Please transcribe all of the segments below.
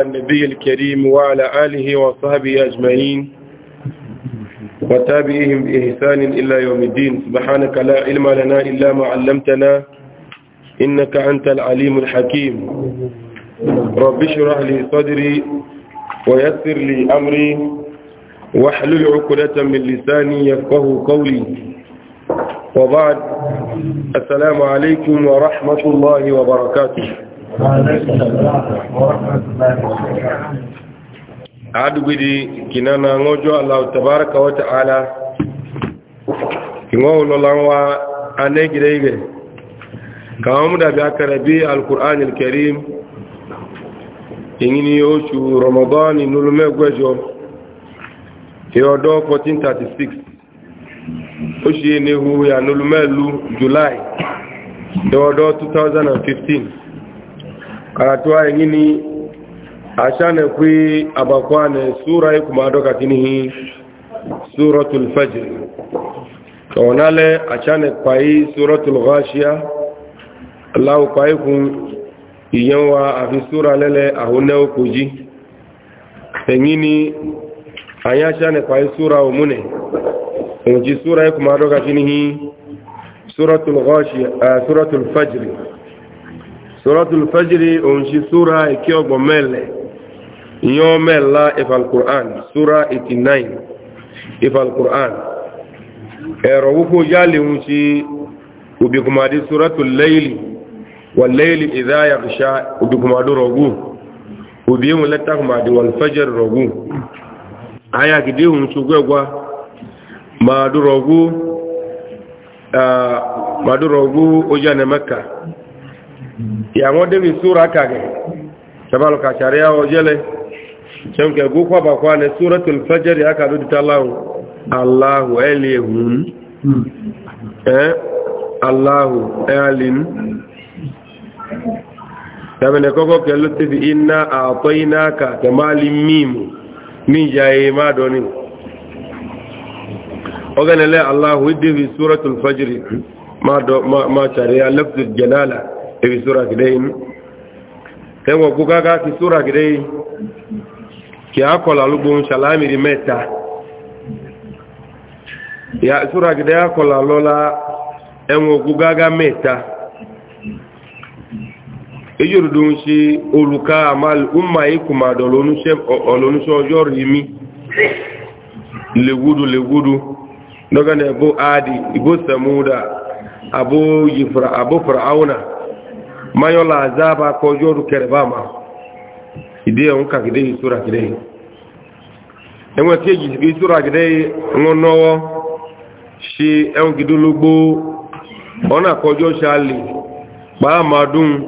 النبي الكريم وعلى آله وصحبه أجمعين وتابعهم بإحسان إلى يوم الدين سبحانك لا علم لنا إلا ما علمتنا إنك أنت العليم الحكيم رب اشرح لي صدري ويسر لي أمري واحلل عقدة من لساني يفقه قولي وبعد السلام عليكم ورحمة الله وبركاته adubidi kinana ngojo allah tabaraka wa taala kingo lolanwa anegirege kamu da bi akarabi alquran alkarim ingini yochu ramadan nulume gwejo yodo 1436 oshi nehu ya nulume lu july yodo 2015 karatu a ni a shane kwi ne sura yi kuma doka kinihi suratul fajr kawanale a shane kwayi suratul ghashiya allahu kwayi kun iyanwa a fi sura lele a hunan kuji ni a ya shane kwayi sura umune kunji sura yi kuma doka kinihi suratul ghashiya eh, suratul fajr suratul fajiri òun ṣe súra ìkí ọgbọ̀n mẹ́lẹ̀ ìyàn mẹ́la ifalkur'an súra 89 ifalkur'an ẹ̀rọ wúkú yálè ń ṣe òbíkùmàdé suratul layli wàlẹ́yìlì ìdáyà ṣá òbíkùmàdé rọ̀gù òbí ń lẹ́tàkùmàdé wàlfẹ́jẹ̀ rọ̀gù ayàkìdé òun ṣogbẹ́gwa màdúrọ̀gù ó yà ní mẹ́ka ìyàwó débi súra kàgẹ̀ ṣàbálù kàṣàrí àwọ̀ jẹ́lẹ̀ ṣẹ́mkẹ̀ gúkwà bàkwà ní súra tó lè fẹ́jẹ̀rì àkàdó dìtà láhùn aláhù ẹ̀lẹ̀ hùn ẹ́ aláhù ẹ̀lìn tàbílẹ̀ kọ́kọ́ kẹlú ti fi iná àtọ́ iná kà tẹ̀máàlì mímù ní ìyàyè má dọ́ni ebi sura gidei ẹwọ gbogbo ki sura gidei kí a kọla lógbóhun ṣàlámìrí mẹ́ta ya sura gidei a kọla lọ́la ẹwọ gbogbo mẹ́ta èyí òdòdó ń ṣe olùká àmà ìkùnmàdọ̀ ọlọ́núṣọ́ ọjọ́ rí mi lewudu lewudu lọ́gánà ẹ̀bọ́ adi ìbó sẹ̀múdà àbó yìí àbó fìràáwùnà mayola azaba ko yoru kerebama ide on ka gide sura gide enwe ti ji sura gide ngonowo shi en gidulugbo ona ko jo shali ba madun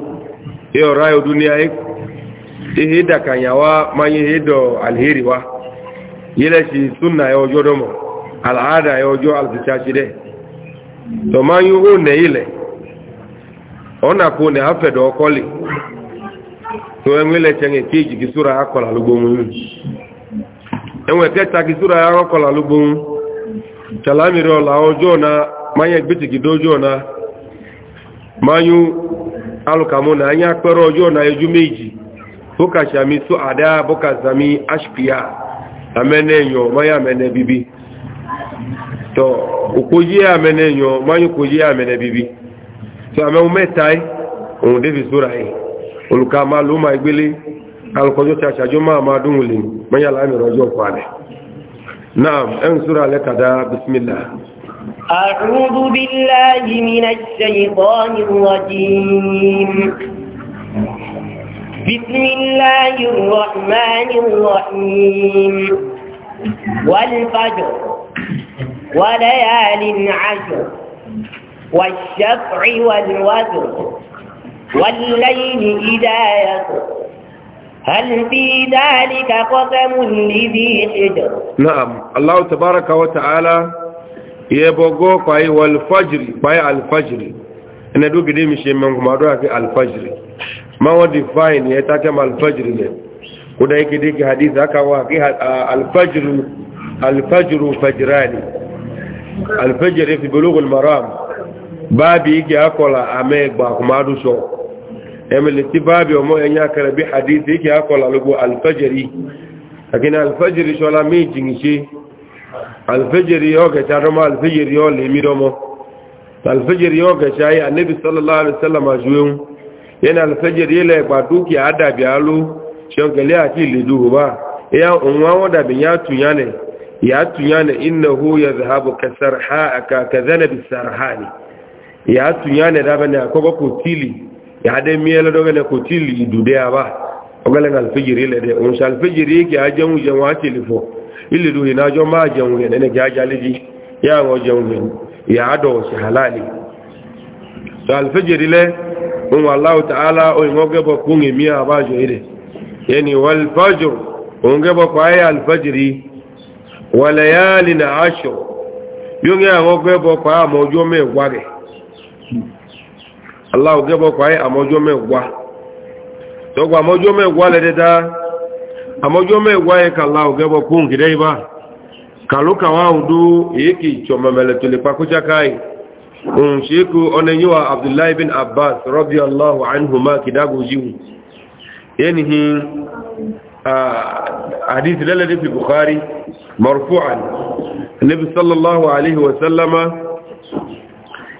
e ora yo dunia e ehe dakanya wa manye hedo alheri wa yele shi sunna yo jodomo al'ada yo jo alfitashide to manyu ne ile ona ko ne afe do koli to en wele chenge keji ki sura akola lugbon en we keta ki sura akola lugbon kalami ro la ojo na manye gbiti na mayu alukamuna anya pero ojo na eju meji boka shami su ada boka zami ashpia amene yo maya mene bibi to okoye amene yo mayu koye amene bibi tí a mẹ́wọ́n mẹ́ta ẹ́ òun dé fi ẹ̀ olùkà máa ló máa gbélé alùkọjọ́ tí aṣàjọ́ máa máa dùn lè mẹ́yà láàmì rọjọ́ pa rẹ̀ náà ẹ̀rùn sóra lẹ́kàdá bisimilá. بسم الله الرحمن الرحيم والفجر وليال عشر والشفع والوتر والليل إذا يسر هل في ذلك قسم لذي حجر نعم الله تبارك وتعالى يبغو قاي والفجر قاي الفجر ina duk gidi mi shemen kuma do ake alfajiri ma wa define ya ta kama alfajiri ne kuda yake dake hadisi aka wa ki alfajiru alfajiru fajrani alfajr fi bulugh almaram baabi igi akola ame gbakumadu so emeleti baabi omo enya kere bi hadith igi akola lugu alfajri lakini alfajri shola mi jingishi alfajri yoke chadoma alfajri yo limidomo alfajri yoke chai annabi sallallahu alaihi wasallam ajuun yana alfajri ile gbaduki adabi alu shongele ati lidu ba ya onwa woda bi ya tunyane ya tunyane innahu yadhhabu kasarha ka kadhana bisarhani ya tunya ne da bane ko ko tili ya de miele do gele ko tili idude aba o gele ngal fijiri le de on sal fijiri ki a jamu jamu telefo ile du ina jo ma jamu ne ne ja jaliji ya ngo jamu ne ya do si halali sal fijiri le on wallahu ta'ala o ngo ge bo kungi mi aba jo ide yani wal fajr on ge bo kwa ya e al fajri wa layalin ashr yunga ngo ge bo kwa mo jo me wage Allah gẹ́bọ̀ pàáyé àmọ́jọ́ mẹ́wàá tọ́gbà àmọ́jọ́ mẹ́wàá lẹ́dẹ́dá àmọ́jọ́ mẹ́wàá yẹ kàlá ògẹ́bọ̀ kún gẹ́dẹ́ ibá kàlùkàwà òdó èyíkì ìjọmọ̀mẹ̀lẹ̀ tó lè pakúchákáì ohun ṣeéku ọlẹ́yíwá abdullahi bin abbas rọ́bí allahu anhuma kìdágójíwù yẹnihi àdìsí lẹ́lẹ́dẹ́ fi bukhari marfu'an nabi sallallahu alaihi wasallama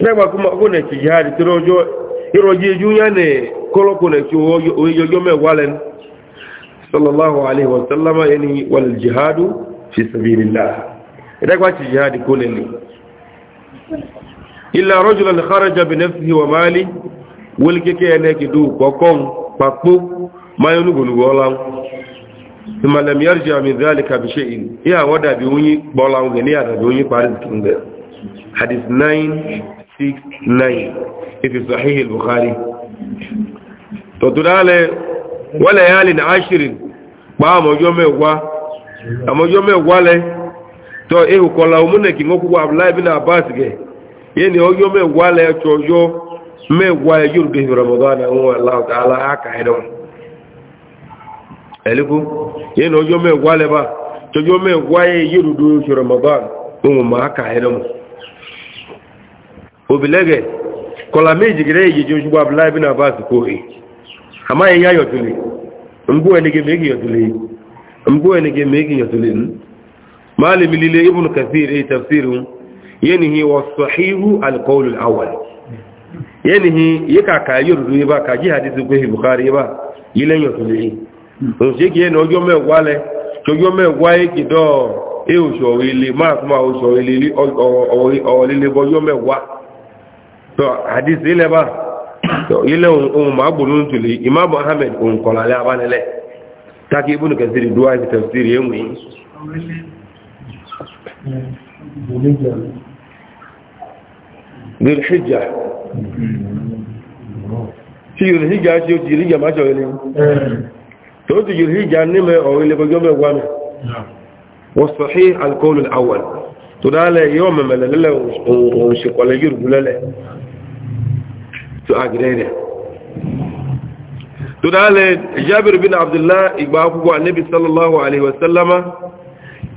nígbà kó máa kó nà ti jihadi tí rọjọ́ ìrọjí ejú yá nì kọ́lọ́kọ́ nà ti oyeyọjọ́ mẹ́wàá lẹ́nu sallallahu alaihi wasallama yani wal jihadu fi sabilillah ìdágbà ti jihadi kó lẹ́nu illa rajulan kharaja bi nafsihi wa mali wolkeke ene ki du kokon papo mayonu golugo lan thumma lam yarji min dhalika bi shay'in ya wada bi hadith 969 في صحيح البخاري تطلال وليال عشر ba mojo mewa amojo mewa le to ehu kola umune ki ngoku wa abdullah ibn abbas ge yeni ojo mewa le chojo mewa yurde ramadan wa allah ta'ala aka edo eliku na ojo mewa ma obilege kola meji gire yi ji ojugbo abdullahi bin abbas ko e ama yin ya yotule mbu eni ge megi yotule mbu eni ge megi yotule malimi lile ibn kathir e tafsiru yanhi wa sahihu al qawl al awwal yanhi yaka ka yurdu ba ka ji hadithu ko bukhari ba yilen yotule o se ge no jo me wale jojo me wa e gido e ojo ile ma kuma ojo ile ile owo ile bojo me wa so hadith ile ba so ile ohun magbonu tuli imam muhammad ohun kọlalẹ abanilẹ taki ibùn kẹsìrì duwa ibi tafsiri ewu yi bilhijja ti yulhijja ṣe ti yulhijja ma ṣe ọ̀rẹ́lẹ́ tó ti yulhijja nímẹ̀ ọ̀rẹ́lẹ́ gbogbo ẹgbẹ́ mi wọ́n sọ̀hí alkọ́lù àwọn tó dálẹ̀ yóò mẹ̀mẹ̀lẹ́lẹ́ òun ṣe kọ̀lẹ̀ yóò rúlẹ́lẹ́ tó agirẹ́ rẹ̀ tó jabir bin abdullah igba akwụkwọ anabi sallallahu alaihi wasallama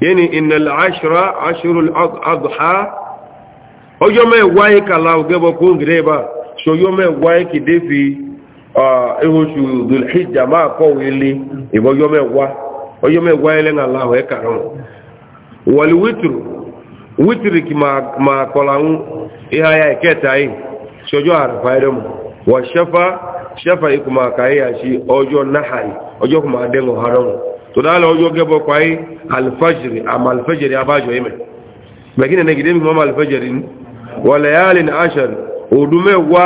yẹni inal ashra ashirul adha ọjọ́ mẹ́wàá yìí kàlá ògẹ́bọ̀ kó ń gẹ̀rẹ́ bá ṣọjọ́ mẹ́wàá fi ehoṣù dùlhíjà máa kọ̀wé lé ìbọ̀jọ́ mẹ́wàá ọjọ́ mẹ́wàá yìí Wali ya ṣọjọ́ àrùfáìrẹ́mù wà ṣẹ́fà ṣẹ́fà ikùnmọ̀ sí ọjọ́ náhàì ọjọ́ kùnmọ̀ adẹ́gùn haramu tó dáàlọ́ ọjọ́ gẹ́bọ̀ kwáyé alfajiri àmà alfajiri abájọ imẹ̀ bẹ̀kí nẹ̀ mímọ́ alfajiri wà lẹ́yàlìn ashar òdúmẹ́wà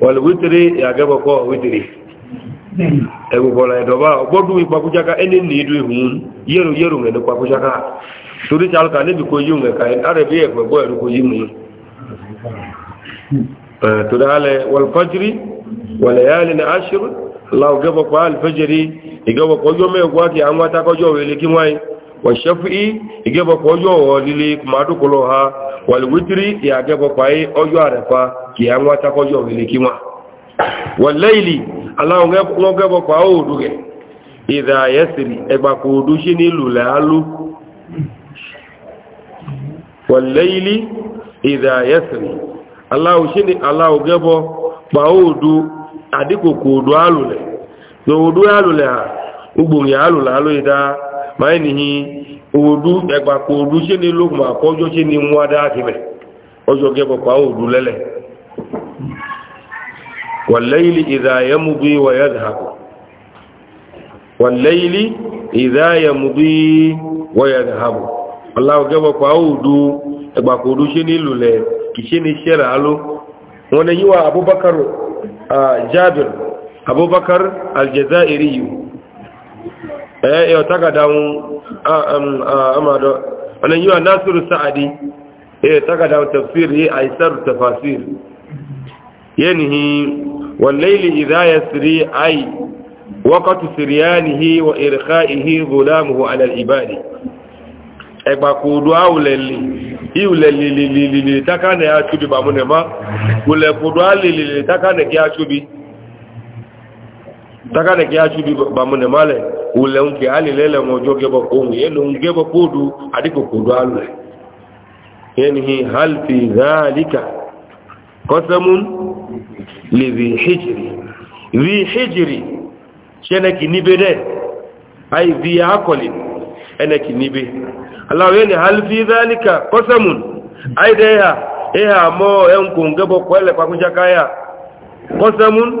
wal witri ya gaba ko witri hmm. ego bola edo ba bodu ipa kujaka eni ni du hun yero yero ngene kwa kujaka Turi chal ka ne bi ko yunga ka en arabi e ko eru ko yimu eh to dale wal fajri wal layalin ashr law gaba ko al fajri igaba ko yome gwaki anwata ko jo wele kimwai والشفعي يجيبك وجوه للي ما دخلوها والوتر يجيبك أي أجو عرفة كي أنوا تكوجو للي والليل الله يجيبك أودوك إذا يسري إبقى ودوشني لولالو والليل إذا يسري الله شني الله يجيبك أودو أديكو كودو ألولة كودو ألولة ugbòmìyà alùlà alóyìdá máa nìyí òòdú ẹgbàkó òòdú ṣe ní lókùn àkọ́jọ́ ṣe ní wọ́n dá àtìbẹ̀ ọjọ́ gẹ́bọ̀ pa òòdú lẹ́lẹ̀ wàlẹ́yìlì ìdáyẹmùbí wọ̀yẹ̀dàbù aláwọ̀ gẹ́bọ̀ pa òòdú ẹgbàkó òòdú ṣe ní lulẹ̀ kìí ní ṣẹ́rà aló wọn ni yíwa abubakar jabir abubakar aljazairi yìí eh yo tagada ah, mu um, ah, amado wannan yiwa nasiru sa'adi eh tagada mu tafsir yi aisar tafasir yanhi wal layli idha yasri ay waqtu siryanihi wa irkhaihi ghulamuhu ala al ibadi egba ko do awleli iwleli lili lili takane ya chubi bamune ma kule ko do takane ke achubi bamune male ule unke ali lele mojo gebo kungu yenu ngebo kudu adiko kudu alule yani hi hal fi dhalika qasamun li dhi hijri dhi hijri chene kinibe de ai dhi akoli ene kinibe allah yani hal fi dhalika qasamun ai de ya eha mo enku ngebo kwele kwa kunja kaya qasamun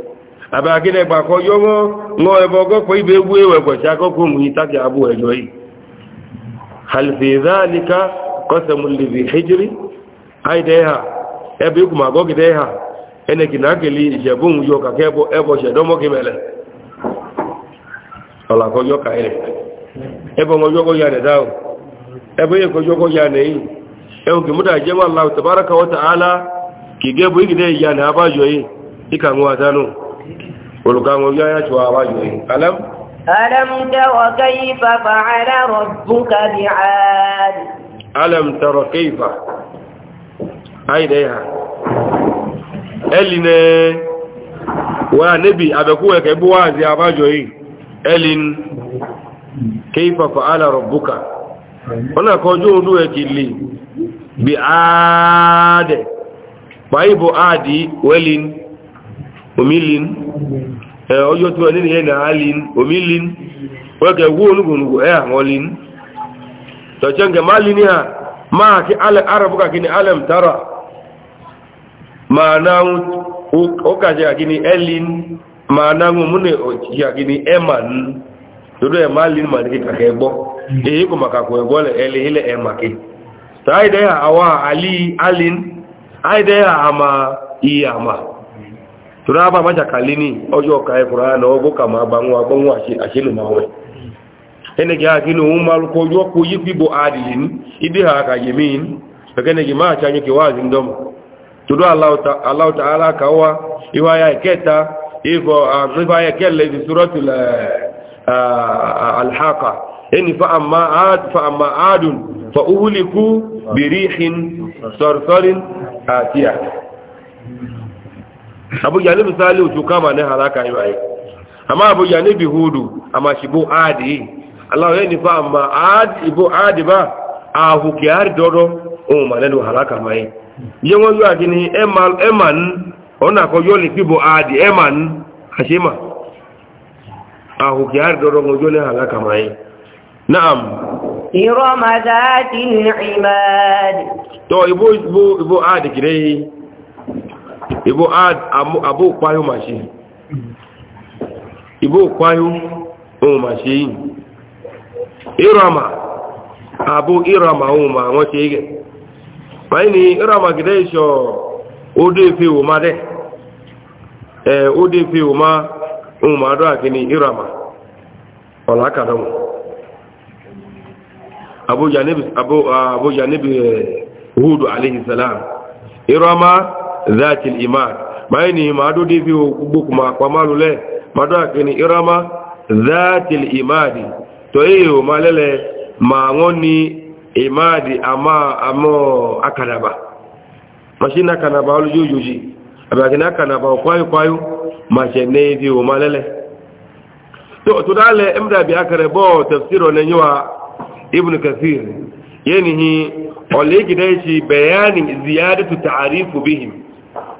aba gịnị gbakọ yọọ ṅụọ ebe ibe egwu ewe kwesị akụkọ ụmụ itaki abụọ ẹjọ yìí halifezalika kọsẹmụlivi hijiri aide ha ebe ikwu ma ha eneki na akeli ìṣẹ̀bùn yọ kàkẹ́ ẹbọ ṣẹ̀dọ́mọ́ yọ kàílẹ̀ ẹbọ ọmọ olùkàwọn yáyà tó àwájú yìí alam. alam tẹwọ kẹyìfà fàcàlà rọ̀bùkà bí caadi. alam tẹwọ kẹyìfà ayidẹ yà ẹlìnẹ wà níbi àbẹ̀kú ẹ̀kẹ́ bí wáàzí àwájú yìí ẹlìn kẹyìfà fàcàlà rọ̀bùkà wọn náà kọjú ọdún ẹ̀kì lè bí aadẹ̀ pàìbò aadi wẹ́lìn omílìn ọjọ́ tó ẹni nìyẹn náà alin omi lin wọ́kẹ̀ wó olúgbòǹgbò ẹ̀ àwọn lin tọ̀tẹ́ nke máa lin ha máa kí arabu kàkí ni alem tara máa náà ó kàṣẹ kàkí ni ẹ lin máa náà múnẹ̀ kàkí ni ẹ mà nù dodo ẹ máa lin màdìkì kàkẹ́ gbọ́ èyí kò màkàkọ̀ ẹ̀gbọ́ lẹ̀ ẹ lè ilẹ̀ ẹ màkì tàí dẹ́ àwa alin àìdẹ́ àmà ìyàmà tòrọ àbá májàkàlé ní ọjọ́ ọ̀ka ẹkùnrà náà ọgọ́kà máa gba wọn agbọ́nwọ́ àṣẹ́lùmáwẹ̀ ẹnìyàn àkínú ohun máa lókọ ojú ọkọ̀ yí pípọ̀ àdìlì ní ìdí àkàyèmí ní ẹ̀kẹ́nìyàn máa ṣe àyíkẹ̀ wá àzí ndọ́mù tòrọ aláwọ̀ta alákàwà ìwáyà ìkẹta ìfọ̀ àgbẹ́fàyà kẹlẹ̀ ti sọ́rọ̀tìlẹ̀ alhaka ẹni fa'amma adùn fa uhuliku birihin sọ̀rọ̀sọ́rin àtíyà abu ya misali utu kama ne halaka yi waye amma abu ya ne bihudu amma shi bo adi Allah ya nifa amma adi ibo adi ba a hukiyar dodo o ma ne halaka mai ye won yo agini emal eman ona ko yo le bibo adi eman hashima a hukiyar dodo ngo yo ne halaka mai na'am إرم ذات العماد تو إبو إبو إبو عاد كده ibo ad abo kwayo mashi ibo kwayo o mashi irama abo irama o ma won se ge bayini irama gide so ode fi o ma de eh ode fi o ma o ma do akini irama ola ka do abu janib abu abu janib eh, hud alayhi salam irama ذات الإيمان، ما يعني ما دو دي في بوك ما قمالو له ما دو أكني إرما ذات الإمام تو إيو ما لله ما غني إمادي أما أمو أكنبا ماشي نكنبا ولو جوجي أبي أكنبا وقايو قايو ما شنيه في وما لله to to dale imda bi akare bo tafsiro كثير، يعني هي kathir yani hi olegi dai shi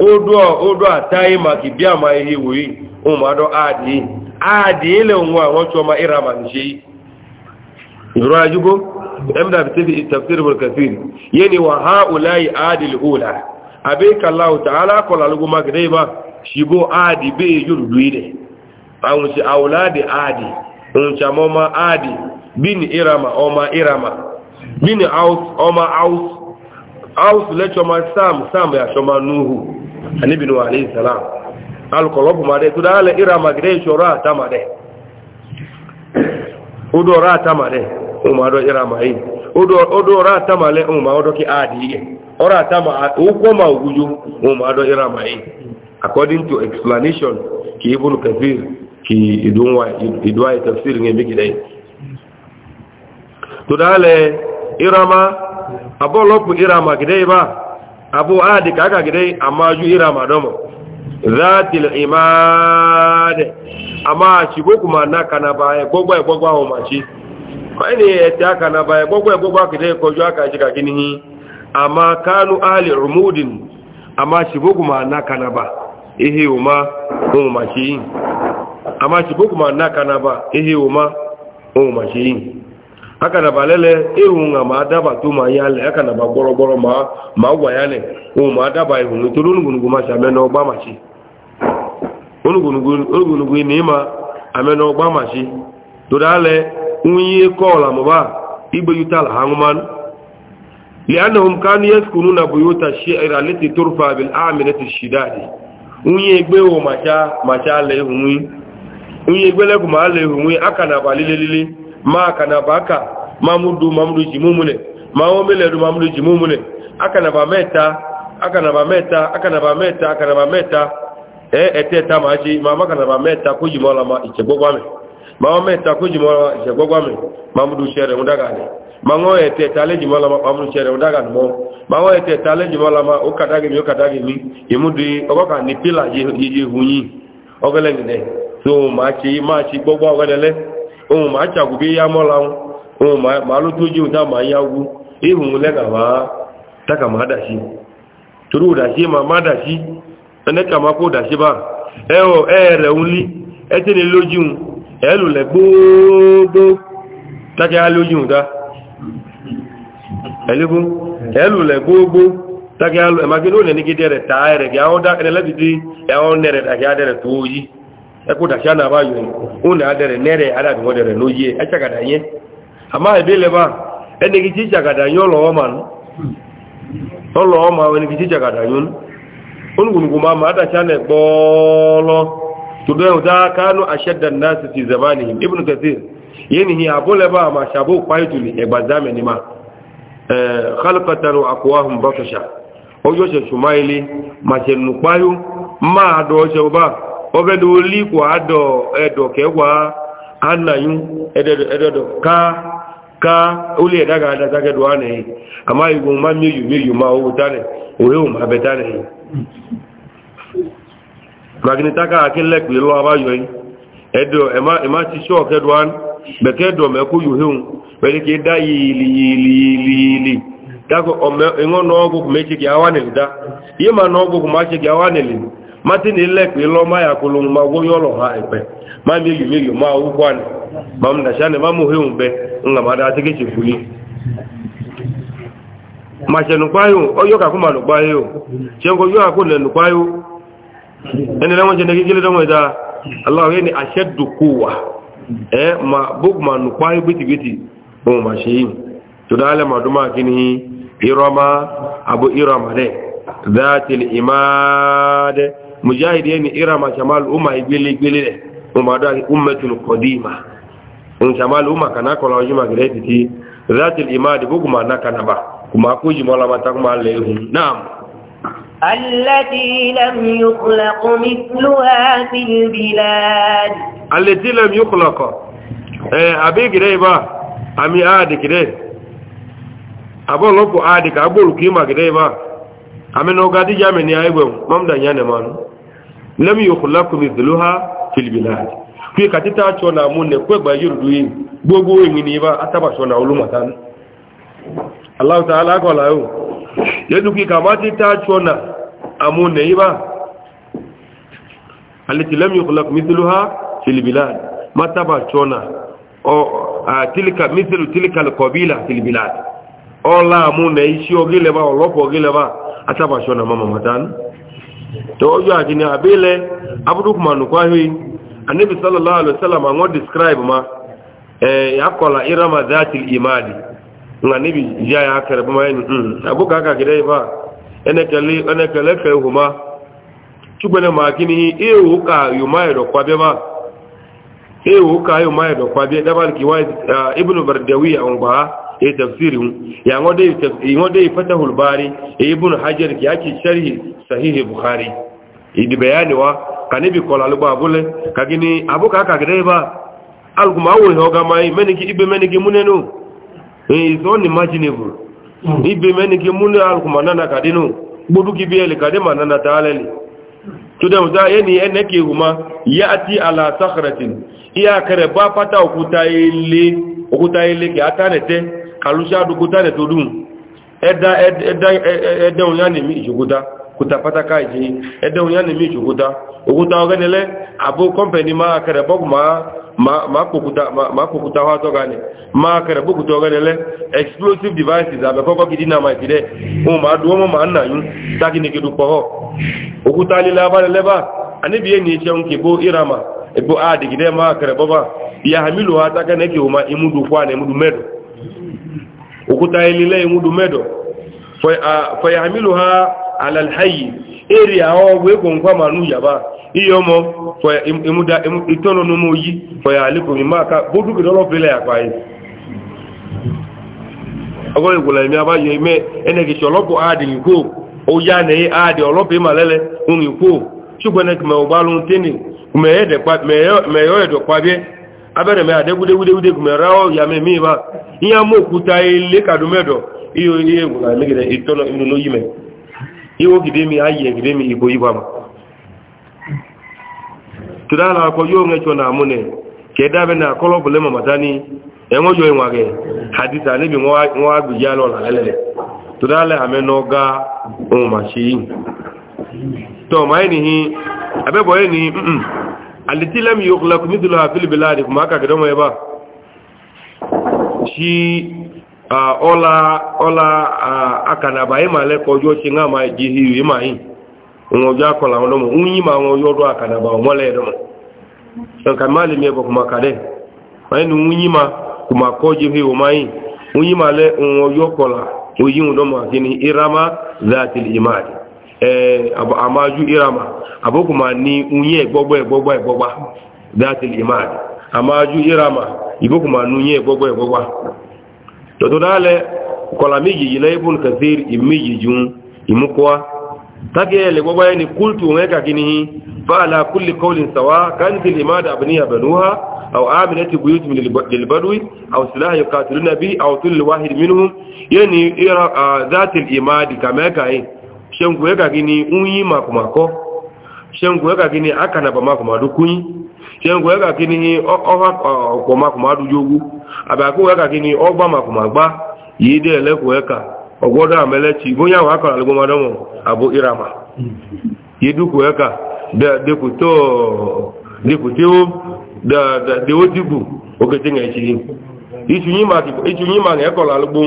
odo ataghị maka ịbịa ma ihe wuri adi adịghị adịghịle nwa àwọn chọma ira ma nche ìrọ ajúgbó ẹmdà bí tafsir bulkasir yé ni wà ha ulayi adìl hula abẹ́ kàláwù tààlà kọlà lógún magidai ba ṣigbó adì bẹ́ẹ̀ yóò rúdú ilẹ̀ àwọn ṣe àwùládì adì bin irama oma irama bin aus oma aus aus lẹ́chọ́ma sam sam ya choma nuhu ani bin wa alayhi salam al qolob ma de to dale ira magre shora tama de odora tama de o ma do ira ma yi odo odora tama le o ma odo ki adi ye ora tama u ko ma uju o ma do ira ma yi according to explanation ki ibn kathir ki idun wa idwa tafsir ngi bi gidai to dale irama abolopu irama gidai ba abu adi ka aka gidai amma ju ira madomo zatil imade amma shi ko kuma na kana baya gbogbo e gbogbo ahun machi kai ne e ta kana baya gbogbo e gbogbo aka dai ko ju aka shi ka ginihi amma kanu ahli umudin amma shi ko kuma na kana ba ehe uma ko machi amma shi ko kuma na kana ba ehe uma ko machi aka na balele ihu nga ma adaba to ma ya le aka na ba gboro gboro ma ma ya ne o ma adaba ihu ni to runugu nugu ma sha me no ma chi to da unyi kola mo ba ibe yuta hangman li'annahum kanu yaskununa buyuta shira turfa bil shidadi unyi o ma cha ma cha le ihu unyi le ku ma aka na ma kana ba aka mamudu mamudu ji mumune ma o meledu mamudu ji mumune aka na ba meta aka na ba meta aka na ba meta aka na ba meta e eteta ma ji ma maka na ba meta ko ji mola ma iche gogwa me ma o meta ji mola iche gogwa me mamudu shere mudaga ni ma ngo eteta le ji mola ma mamudu shere mudaga ni mo ma ngo eteta le ji mola ma o kadagi mi o kadagi mi imudi ogoka ni pila ji ji hunyi ogele ni de so ma chi ma chi gogwa ogele ohun ma achagwube ya mọla ohun ma alụta oji ma ya ugwu ihu nwule ga ma taka ma adashi turu ụdashi ma ma adashi ene ka ma kwa ụdashi ba eho ere nli etene loji elule gbogbo taka ya loji ụda elibu elule gbogbo e taka ya lu emagide onenigide re taa ere gị ahụ da ere lebido e ya ọ nere adere oyi ẹkùdà ṣáná bá yòó ó nà adẹrẹ nẹrẹ adáàdúgbò dẹrẹ ló yé ẹ ṣàgàdà yẹn àmà ìbílẹ̀ bá ẹnìkì tí ṣàgàdà yẹn ọlọ́wọ́ mà nù ọlọ́wọ́ mà ẹnìkì tí ṣàgàdà yẹn onugunugu máa ma adà ṣáná gbọ́ọ́lọ́ tòdó ẹ̀hún tá kánú aṣẹ́dà náà ti zẹ̀má ni ma kálífàtàrù àkọwáhùn bọ́kẹ̀ṣà ọjọ́ ṣẹ̀ṣùmáìlì màṣẹ̀nù páyó máa dọ̀ ọ́ ṣẹ̀ ọba ọbẹ̀dù olí kò àádọ̀ ẹ̀dọ̀ kẹwàá anàyún ẹ̀dọ̀dọ̀ ká ká ó lè ẹ̀dá gàdá sákẹ́dọ̀ wà nìyí àmá ìgbòhùn má méyù méyù máa owó tánẹ̀ òwe ò máa bẹ tánẹ̀ yìí magnitaka akínlẹ̀pẹ̀ lọ abáyọ yìí ẹ̀dọ̀ ẹ̀má ti ṣọ́ kẹ́dọ̀ wà bẹ̀kẹ́dọ̀ mẹ́kú yòhún pẹ̀lú kí dá yìí yìí dákọ̀ ọmọ ẹ̀wọ̀n náà ọgbọ̀kùn méjì mati ni ile pe lo maya ko ma wo yo ha epe ma mi yu mi yu ma wu kwa ni ma mu na shane ma mu he unbe nga ma da ti ke ma se nu kwa o yo ka ku ma nu kwa yo che ngo yo aku le nu kwa yo ene le mo je ne ki gile do mo da allah ye ni ashaddu quwa eh ma bug ma nu kwa biti biti ma shi to ma kini irama abu irama ذات mujahidi ni irama shamal umma igbele igbele re umma da ummatul qadima un shamal umma kana ko lawo jima gre titi zatil imadi bu kuma na kana ba kuma ko ji mola mata kuma le hun na'am allati lam yukhlaq mithluha fil bilad allati lam yukhlaq eh abi gre ba ami adi gre abolopo adi ka abolu kima gre ba amina ogadi jami ni ayi gbẹ̀wò mọ́mdà yẹn nẹ̀ mọ́nu lẹ́mi yóò kùlá kùmí zìlú ha filibina kí kàtí tá a tsọ náà mú nẹ kó ẹgbà yóò dùn yìí gbogbo èyí ni ibà atábàtsọ náà olú màtá ní. aláwọ̀ tá a lákọ̀ la yóò yẹnu kí kàmátí tá a tsọ náà amú nẹ ibà alẹ́tì lẹ́mi yóò kùlá kùmí zìlú ha filibina má tábàtsọ náà ọ àtìlíkà mísìlù tìlíkà kọ̀bílà filibina ọ̀ làmú nẹ iṣẹ́ ọ̀gẹ́lẹ́bà ọ̀lọ́pọ̀ ọ̀gẹ́lẹ́bà ataba shona mama matan to ojo akini abile abudu kuma nukwa hi annabi sallallahu alaihi wasallam ango describe ma eh yakola irama dhatil imadi ngani ya ya kare bama yin mm abuka ka gidai ba ene kale ene kale kai huma tubana ma kini e o ka yuma kwabe ma e o ka yuma kwabe dabal ki wa eh, ibnu bardawi an e tafsiri ya ngode fatahul ya e ibn hajar ki yake sharhi sahihi bukhari idi bayani wa kanibi kola lu babule kagini abuka aka greba alguma wo hoga mai meniki ibe meniki munenu e is unimaginable ibe meniki munu alguma nana kadinu gbudu kibiyeli kadema nana taleli tudan za yani e eneke huma ati ala sakhratin iya kare ba fata okuta ile okuta ile ki atanete kàlùṣà dùkútà rẹ̀ tó dùn ẹdẹ́hùn yá nìmí ìṣòkúta kùtà pátákà ìjì ẹdẹ́hùn yá nìmí ìṣòkúta òkúta ọgẹ́nilẹ́ àbó kọ́mpẹ̀ni máa kẹrẹ̀ bọ́kù máa kòkúta wá tọ́ga ní máa kẹrẹ̀ bọ́kùta ọgẹ́nilẹ́ explosive devices àbẹ̀kọ́kọ́ kìdí náà máa ìfìdẹ́ ohun máa dúwọ́ mọ́ máa ń nà yún tákìnìkìdù pọ̀họ́ òkúta lílá abánilẹ́bà aníbìyẹ ní iṣẹ́ ń kèbó irama èpo àdìgídẹ́ máa kẹrẹ̀ bọ́bà ìyá hamilu wa tákẹ́ nẹ́kẹ̀ máa imúdu fún àná òkúta ilé ìwúdù mẹ́dọ̀ fọ̀yàmílò ha alàlháyì èrè àwọn ọgbẹ́ kòǹkwà ma nú iye ọmọ ìtọ́nà nínú yí fọ̀yà àlékò ní máa ká ye lọ́lọ́pẹ̀lẹ̀ àpáyé ọgọ́ ìgbòlà ìmí abáyọ imẹ́ ẹnẹ́kìṣẹ́ abẹ́rẹ̀ mẹ́ àdẹ́gúdégúdégúdé kùmẹ̀ ráọ́ yàmẹ́ míì bá ìyá mú òkúta ilé kàdúmẹ́dọ̀ iyo iye ìgbàlẹ́gẹ̀dẹ̀ ìtọ́nà inú ló mi ayé gìdé mi ìbò yípa mọ́ tìdára akọ yóò mẹ́jọ náà múnẹ̀ kẹ́dábẹ́ náà kọ́lọ́bùlẹ́ mọ̀mọ́ta ní ẹ̀wọ́n yọ ìwọ̀n rẹ̀ aliti lam yughlaq mithluha fil bilad kuma aka gidan mai ba shi ola ola akana bai male ko jo shi nga ma jihi yi ma yi ja ko la won unyi ma won yo akana ba won le do mo don mali me ba kuma kade mai nu unyi ma kuma ko jihi wo mai unyi ma le yo ko la oyi won do ma kini irama zatil imani amaju irama abokuma ni unye gbogbo gbogbo gbogbo that is iman amaju irama ibokuma nunye gbogbo gbogbo to dale kola miji ile ibn kathir imiji jun imukwa takele gbogbo ni kultu ngeka kini fa ala kulli qawlin sawa kan fil imad abniya banuha aw amilati buyut min al-badwi aw silah yuqatiluna bi aw tul wahid minhum yani ira dhat al-imad kama kai shengwe ka gini unyi makumako shengwe ka gini akana ba makumadu kunyi shengwe ka gini oha ko makumadu yogu abako ka gini ogba makumagba yide elekwe ka ogwodo amelechi bonya wa akara lugo madomo abu irama yidukwe ka de de kuto de kuteo da da de odibu ogetinga ichi ichunyi ma ichunyi ma ne kola lugo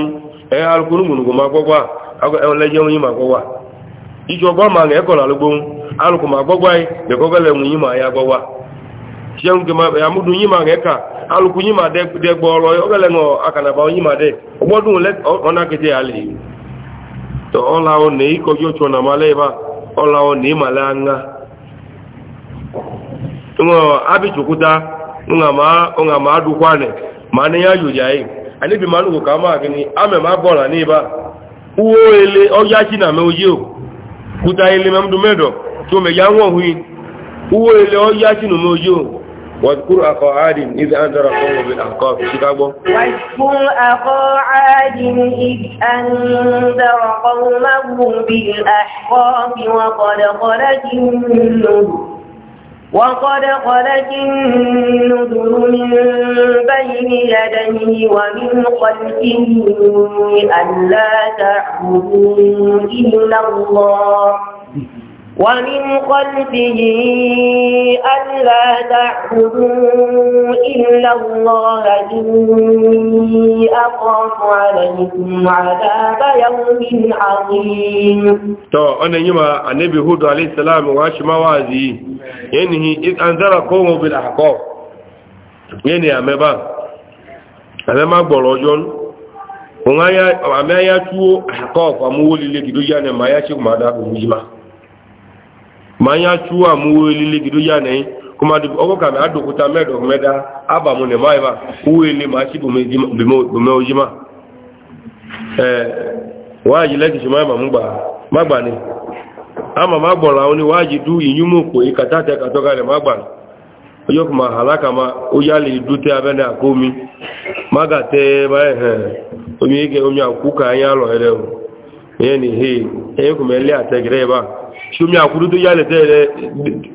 e alukuru munugo magwagwa ma e iji ọgba ma ga ekọla alụgbonwu alụkụ ma gbagwaghị bekọgala enwe yi ma ya gbagwa ya mụdụ yi ma ga eka alụkụ yi ma degba ọlọ ogele ṅụ akanaba yi ma de ụgbọdụ ole ọnakịta ya ala iwu to ọlaọ na ịkọji ochu na mala ebe ọlaọ na ịmala aṅa ṅụ abichukwuta ṅa ma adụkwane ma na ya yojaghị anibi manụ ka ma gịnị ame ma bọla n'iba uwe ele na me kuta ile mamdu medo tume yanwo hui uwo ile o ya tinu mojo واذكر أخا عاد إذ أنذر قومه بالأحقاف شكاغو واذكر أخا عاد إذ أنذر قومه بالأحقاف وقد خلت النذر وقد خلت النذر من بين يديه ومن خلفه ألا تعبدوا إلا الله ومن خلفه ألا تعبدوا إلا الله إني أخاف عليكم عذاب يوم عظيم تو أنا يما النبي هود عليه السلام واشما وازي ينهي إذ أنذر قومه بالأحقاب ينهي أمبا أمبا بروجون wọn a ya tuwo akọọfà mú wọlé lè gidó yá ní ma ya ṣe kùmọ̀ ma anya chuo amụwe elili gido ya na ọgwụ ka a dokwuta medụ meda aba m na maiba uweli ma achị bomejima ee nwaanyị legichi maiba m magbani ama m agbara onye nwaanyị du inyu m okpo ịkata ata ka tọgarị magbani onye ọkụ ma halaka ma onye a na-edute abịa na aka omi ma gate ma omi ka anya alọhere onye na a sumi akuru tó yálẹ̀ tẹ́rẹ̀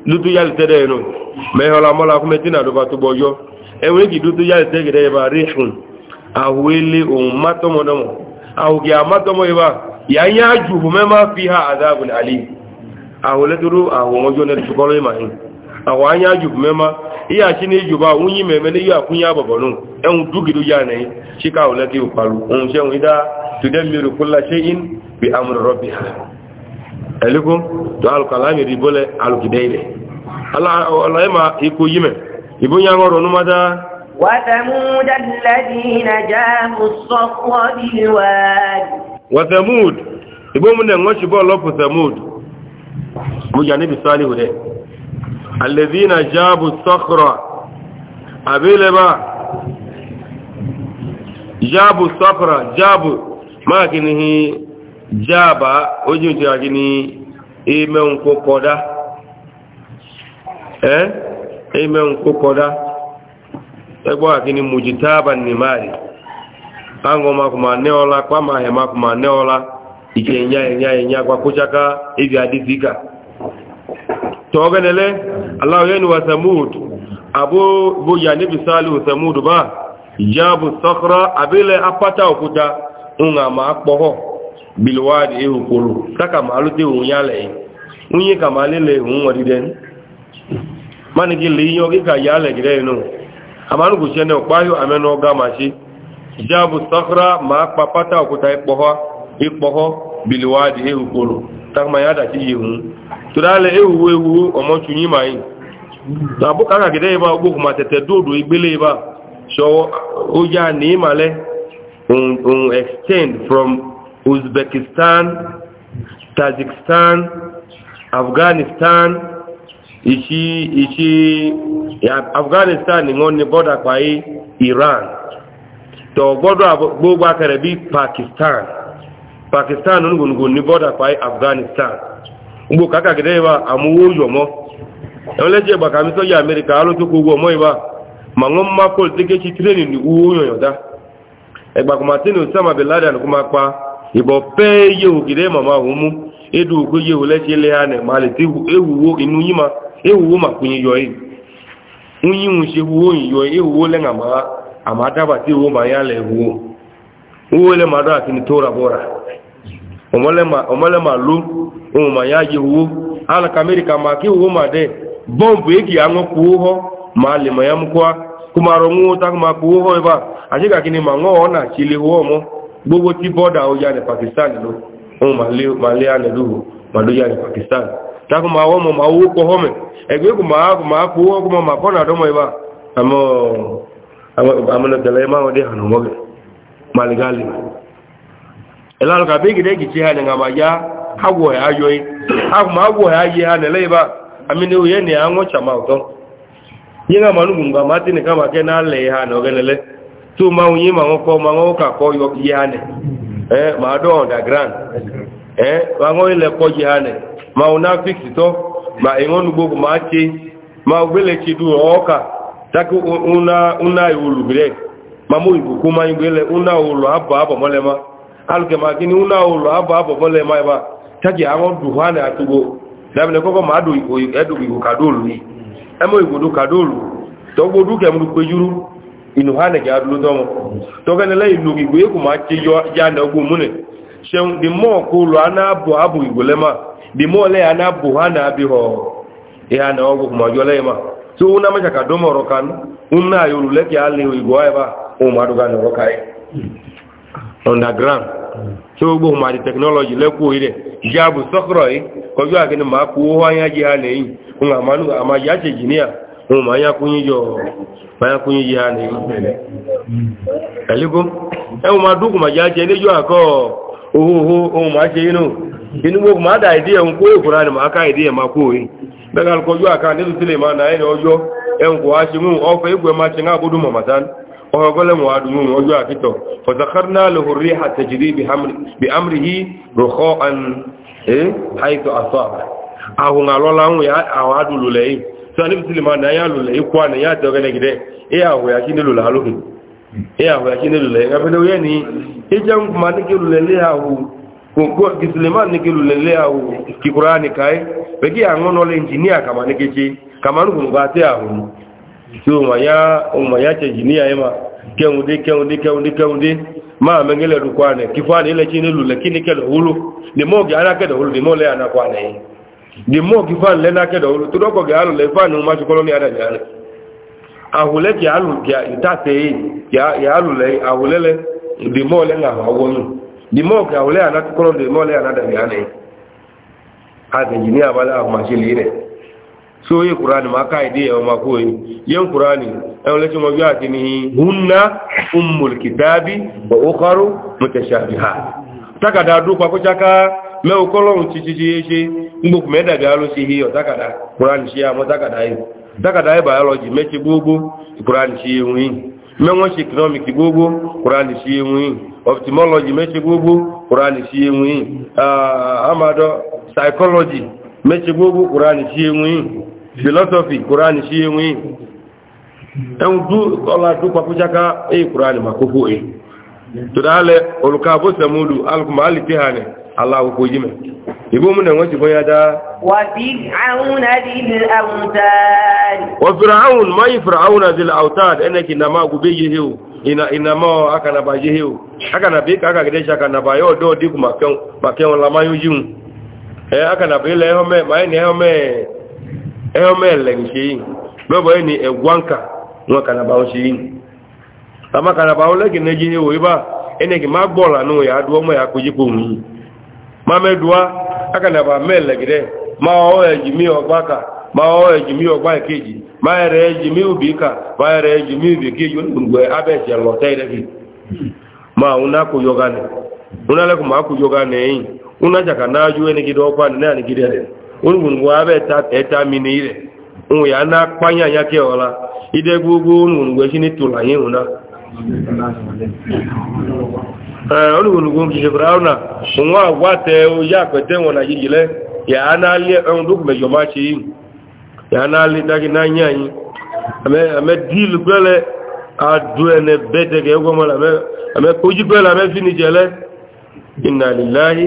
lótó yálẹ̀ tẹ́rẹ̀ ẹ̀nà mẹ́họ́lá mọ́lá kúmẹ́ tí nà lọ́bà tó bọ́jọ́ ẹwọ́n kì a yálẹ̀ tẹ́rẹ̀ ẹ̀bà ríṣùn àwọ̀ẹ́lẹ̀ ohun matọmọdọmọ àwòkè àmátọ́mọ́ ẹ̀bà yáyá jù mẹ́má fi ha àdáàbùn àlè àwọ̀lẹ́tọ́rọ̀ àwọn ọjọ́ nẹ́lẹ̀ tukọ́lọ́ ìmàhìn àwọn anyá jù mẹ́má iya ẹ̀lẹ́kùn tó alùkàlámì rí bọ́lẹ̀ alùkìdẹ́ ilẹ̀ aláìmá ikú yí mẹ́ ìbúnyà ń rọrùn mọ́dá wàtẹ̀múd ìbómúnẹ̀ wọ́n ṣe bọ́ lọ́pù tẹ̀múd mú jà níbi sáàlìhù rẹ̀ alẹ́dínà jáàbù sọ́kọ̀rọ̀ àbílẹ̀bà jáàbù sọ́kọ̀rọ̀ jáàbù máa kìnnìhìn jaaba ojú ti àjí ní imẹ́un kó kọ́dá ẹ́ imẹ́un kó kọ́dá ẹgbọ́ àti ní mùjítàbà ní máàrí ángo makùnmà ní ọlá pàmà ẹ̀ makùnmà ní ọlá ìkẹ ìyá ìyá ìyá pàkóṣáká ibi àdífíkà tọ́gẹ́nẹ̀lẹ́ aláwọ̀yẹ́ni wa samud abóyà níbi sáàlù samud bá ìjábù sọ́kọ́rọ́ abílẹ̀ apáta bilwadi ewu kporo taka ma alute ewu ya le unye ka ma lele ewu nwa dide mani ki le iyo ki ka ya le gide inu amanu na sene okpayo amenu oga ma sakra ma pa pata okuta ịkpọhọ ipoho bilwadi ewu kporo taka ma ya da ti yewu to da le ewu ewu omo ma yi na bu kaka gide ba ogbo kuma tete dodo igbele ba so o ya ni imale un extend from uzbekistan tajikistan afghanistan Ichi, ìṣí afghanistan ni wọ́n ní bọ́dà pàáyé iran To border gbogbo akẹrẹ bí pakistan pakistan onígbòǹgbò ní bọ́dà pàáyé afghanistan gbogbo kàkà gẹ́gẹ́ wa àmúwò yọ̀mọ́ ẹ̀wọ́n lẹ́jẹ̀ ìgbàkà mi sọ́yà amẹ́ríkà alójókò owó ọmọ ìwà ma wọ́n má kó lè tẹ́kẹ́ sí tírẹ́nì ní owó yọ̀yọ̀dá ẹgbàkùnmá tí ní òsàmàbẹ̀ ládàá ní igbo pee yehu gide mama humu edu ko yehu le ti ma le ti ewuwo inu ma ma yo yi unyin un se wuwo yin ewuwo le nga ma ama ti wo ma ya le wuwo wuwo le ma do ati ma ma lu o ma ya ma ka wo ma de bomb e ki anwo ku ma le ma ya mkwa kuma ro mu ma ngo na gbogbo tí bọ́dà ó yá ní pakistan ló ohun malia nílò màló yá ní pakistan tako ma wọ́n mọ̀ ma owó kọ́ họ́mẹ̀ ẹgbẹ́ kò máa kò máa kó wọ́n kó mọ̀ ma kọ́nà àdọ́mọ̀ ibà àmọ́ àmọ́lẹ̀tẹ̀lẹ̀ máa wọ́n dé hàn mọ́gẹ̀ maligali ẹ̀lálùkà bí gidẹ́ gìtì hàn ní àmà yá awọ̀ ẹ̀ ayọ́ yìí akọ̀ ma awọ̀ ẹ̀ ayé hàn nílẹ̀ ibà àmì ni òye ni àwọn chàmà ọ̀tọ́ yín àmàlùmùgbà má ti nìkan mà kẹ́ náà lẹ̀ tó eh, eh, ma ń yí ma ń kọ́ e ma ń kọ́ kọ́ yọ yíhánẹ̀ ẹ́ ma dọ́ underground ẹ́ ma ń lẹ kọ́ yíhánẹ̀ ma ń ná fix tọ́ ma ìwọ́n ní gbogbo ma ṣe ma gbélé ti dùn ọ́ọ́kà tákì ńná ìwòlù rẹ̀ ma mú ìbùkún ma ń gbélé ńná òòlù àbọ̀ àbọ̀ mọ́lẹ̀ ma alùkẹ́ ma kí ní ńná òòlù àbọ̀ àbọ̀ mọ́lẹ̀ ma ìwà tákì àwọn dùn wá ní àtúgbò dábìlẹ̀ kọ́kọ́ ma dùn ìwò kàdóòlù yìí ẹ inu ha ne ga lu don to ga ne lai lu gi gwe kuma ti na ogun mu ne se di mo ko lu ana bu igbo igole ma di mo le ana bu ha na bi ho e na ogun kuma le ma so una ma ka do mo ro kan una yo lu le ki ale igwa ba o ma do ga ne ro kai underground ha ó gbóhùn àti technology lẹ́kù ilẹ̀ jáàbù sọ́kọ̀rọ̀ yìí kọjú àkíní máa ohun ma mayakunyi yi ani ẹ̀lẹ́gún ẹwọ ma dúkù ma jẹ́ jẹ́ níjú àkọ́ ohun ohun ma ṣe inú inú gbogbo ma dá ìdí ẹ̀hùn kó ìkùnrà ni ma ká ìdí ẹ̀ ma kó yìí mẹ́ta alùkọjú àká nílùú sílẹ̀ ma náà ẹni ọjọ́ ẹ̀hùn kò wá ṣe mú ọfẹ́ ìgbẹ̀ ma ṣe ńgbódú mọ̀mọ̀tán ọgọ́gọ́lẹ̀mọ̀ adùnmù ọjọ́ àkítọ̀ eh, àwọn àlọ́lá àwọn adùlù lẹ́yìn sani bisilima na ya lula ikwa na ya doga ne gide iya hoya shi ne lula halukin iya hoya shi ne lula ya fi nauye ni ijan kuma nake lula le hahu ko bisilima nake lula le hahu ki kurani kai bagi an wono le injiniya kama nake ce kama nukun ba ta yahu so ma ya ma ya ce injiniya yema kewude kewude kewude kewude ma mengele du kwane kifani ile chini lula kini kele hulu ni mogi ana kele hulu ni mole ana di mo ki fan le na ke do to do ko ge alu le fan ma ti koloni ada ni ana ahule ki alu ki ita te ya ya alu le ahule le di mo le na hawo nu di mo ki ahule ana ti koloni di mo le ana da ni ana a ga jini abala ma shi li so ye qur'an ma ka ide ya ma ko yen qur'ani e wala ti mo bi ati ni hunna ummul kitabi wa ukharu mutashabihat taka da du pa ko chaka me okolo chichichi echi mgbokwu ma ịdabi alụsi ihe ọtakada kụranchi ya mụtakada ihu takada ya bayọlọji mechigbu ogbo kụranchi ya enwe ihi menwechi ekonomik gbogbo kụranchi ya enwe ihi optimology mechigbu psychology gbogbo philosophy ọlá tó Allah kó yí mẹ́ ìbó múnà wọ́n ti bọ́ yá dáa wọ́n fìràáhùn máyí fìràáhùn àdìl àwòtáàdì ẹnẹ́kì ìnàmà gúgbé yé hẹ́ o ìnàmà akànàbà yé hẹ́ o akànàbà kàkàkìdẹ́ ṣàkànàbà yóò dọ́ dínkù màkẹ́wọn lamáyó yíun ẹ akànàbà ilẹ̀ ẹhọ́mẹ́ lẹ́yìn ṣe yìí mẹ́bọ̀ ẹni ẹ̀gbọ́nkà wọn kànàbà ń ṣe yìí àmà kànàbà ń lẹ́gìn náà yé hẹ́ o ibà mamedua akana ba melegide ma o ejimi ogbaka ma o ejimi ogba ekeji ma ere ejimi ubika ma ere ejimi ubiki yungwe abeje lo tere bi ma una ku yogane una le ku ma ku yogane yin una jaka na ju eni gido kwa ni ani gide ungun wa be ta eta mini ire un ya na panya ya ke ola ide gugu ungun gwe shini tulayin una olùgbòlùgbò kìí fìràúnà òun àwọ́ àtẹ oyá àpẹtẹ́ wọn àyè yìí lẹ́ yàá náà lé ẹun tó kùmẹ̀jọ máa ṣe yìí yàá náà lé dákì náà yẹ́ àyín àmẹ́ díìlù pẹ́lẹ̀ àdó ẹnẹ bẹ́tẹ̀kẹ́ ọgbọ́mọ́lá àmẹ́ kójú pẹ́lẹ̀ àmẹ́ fínìjẹ́ lẹ́ iná lìláyé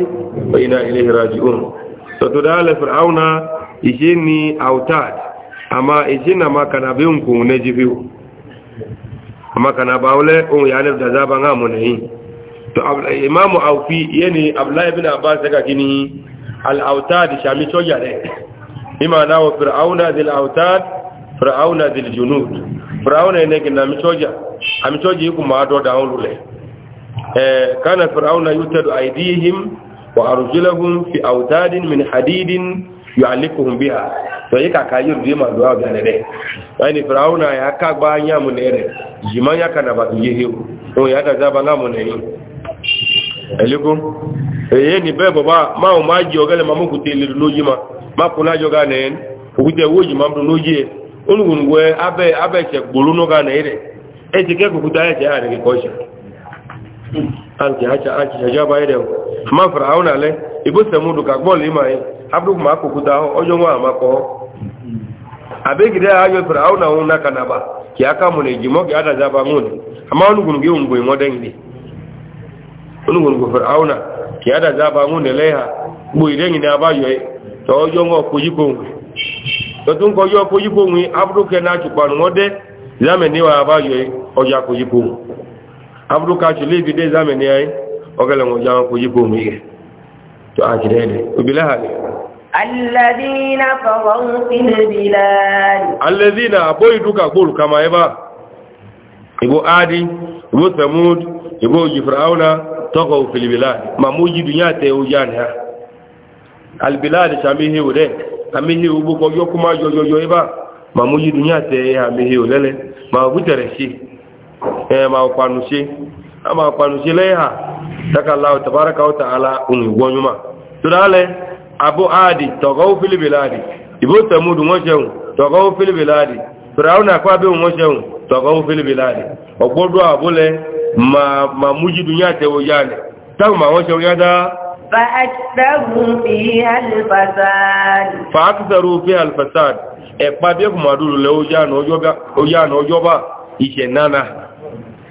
iná ilé ìrajú òun tọ̀tọ̀ dáálẹ̀ fìràúnà ìṣe ni autad àmà ìṣe nà máa kànàbí òun kò to imamu aufi yani abdullahi ibn abbas daga kini al-autad shami toya ne ima na wa fir'auna dil autad fir'auna dil junud fir'auna ne kin na mi toya am toji ku ma do da hulule eh kana fir'auna yutadu aydihim wa arjulahum fi autadin min hadidin yu'alliquhum biha to yaka kayir bi ma do ga ne yani fir'auna ya ka gba nya mu ne re jima ya kana ba yehe o ya da zaba na mu ne ẹ̀lẹ́kùn èyí ni bẹ́ẹ̀ bọ̀bá máa ma jí ọgẹ́lẹ̀ ma mọ́kùté lè lójí ma má kún lájọ́ ga nẹ̀ òkúté owó yìí ma ń lójí ẹ̀ olùgbòǹgbò ẹ abẹ́ abẹ́ẹ̀ṣẹ̀ gbòlónú ga nẹ̀ rẹ̀ ẹ ti kẹ́kọ̀ọ́ kúta ẹ̀ṣẹ̀ àrẹ̀ kíkọ́ ma fara àwọn alẹ́ ìbúsẹ̀múdù kàgbọ́ọ̀lì ma ẹ abúrúkú ma kòkúta ọjọ́ wọn àmàkọ́ abegide ayo fara àwọn àwọn nakanaba kì á olùgbòlùgbò fìràúnà kì á dàgbà bá mú nílẹ̀ ìhà gbò ìdẹ́yìn ní abáyọ̀ ẹ̀ tọ́jọ́ wọn kojúkò wù tọ́tún kọjọ́ kojúkò wù abúrúkẹ́ náà jùpànù wọ́n dẹ́ zámẹ̀níwà abáyọ̀ ẹ̀ ọjà kojúkò wù abúrúkà ṣùlẹ̀ ibi dẹ́ zámẹ̀níwà ẹ̀ ọgẹ́lẹ̀ wọn jáwọn kojúkò wù yẹ tó àjẹ́rẹ́ ẹ̀ obìnrin hà الذين فروا في البلاد الذين ابوي دوكا tɔgɔ filibila mamu yi dunya tɛ o yan ha alibila de sa mi hewu dɛ ami hewu bokɔ yɔkuma yɔyɔyɔ iba mamu yi dunya tɛ ami hewu lɛlɛ ma bu tɛrɛ si e, ma maa kpanu si ama kpanu si lɛ ha takala tabaraka o taala ohun gbɔnyuma tora lɛ abo aadi tɔgɔ filibila di ibo tɛmu dun ŋɔ sɛw tɔgɔ filibila di firawuna kó abe ŋɔ sɛw. tɔgɔw fili bi laani o gbɔdɔ a bolo ma ma muji dunya tɛ o yaani tan ma wɔn sɛ o yada. fa'akitaru fi alifasad. fa'akitaru fi alifasad ɛkpa bi kuma dulu lɛ o yaani o yaani o jɔba ìṣe nana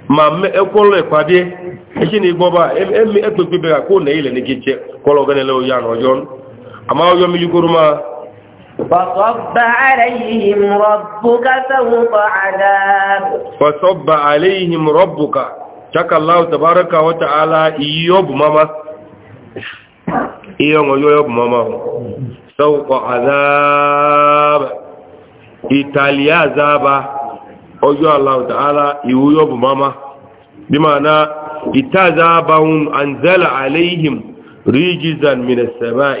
ma mɛ ɛkɔlɔ ɛkpa bi ɛsɛ ni gbɔba ɛmi ɛkpekpe bɛ ka kó nɛyi lɛ ni k'i cɛ kɔlɔ kɛnɛ lɛ o yaani o jɔn a ma o yɔ milikoroma. فصب عليهم ربك سوط عذاب فصب عليهم ربك شكى الله تبارك وتعالى إيوب ماما إيوب إيوب ماما سوط عذاب إيطاليا عذاب أجو الله تعالى إيوب ماما بمعنى إتذابهم أنزل عليهم رجزا من السماء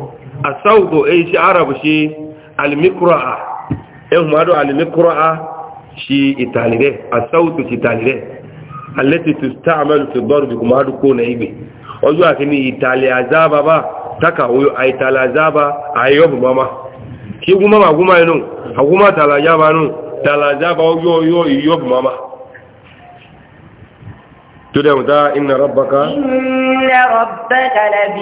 asauko e shi arabu shi almikura'a yan mado almikura'a shi italire asautu shi italire allati tusta'malu fi darbi kuma hadu ko na igbe ojo akini italia zaba ba taka oyo aitala zaba ayo mama ki guma ma guma inu aguma tala jaba nu tala zaba oyo oyo iyo mama تدعو دا إن ربك إن ربك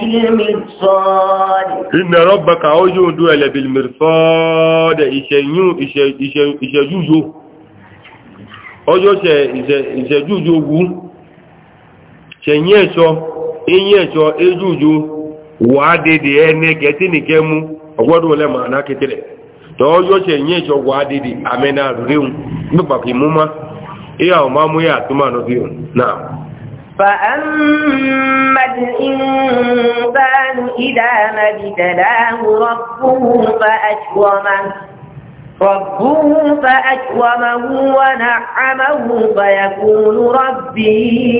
لبالمرصاد إن ربك أوجو wu لبالمرصاد إشيو إشيو إشيو ọjọ́ ìṣẹ́jújú ogun ṣẹ̀yìn ẹ̀ṣọ́ eyín ẹ̀ṣọ́ ejújú wà dédé ẹnẹ́gẹ̀ tí nìkẹ́ mú ọgbọ́dún lẹ́mọ̀ anákẹ́tẹ̀rẹ̀ tọ́ ọjọ́ ṣẹ̀yìn ẹ̀ṣọ́ wà dédé amẹ́nà rírun nípapì múmá ìyàwó má múyà túnmà náà فأما الإنسان إذا ما ابتلاه ربه فأكرمه ربه فأكرمه ونعمه فيقول ربي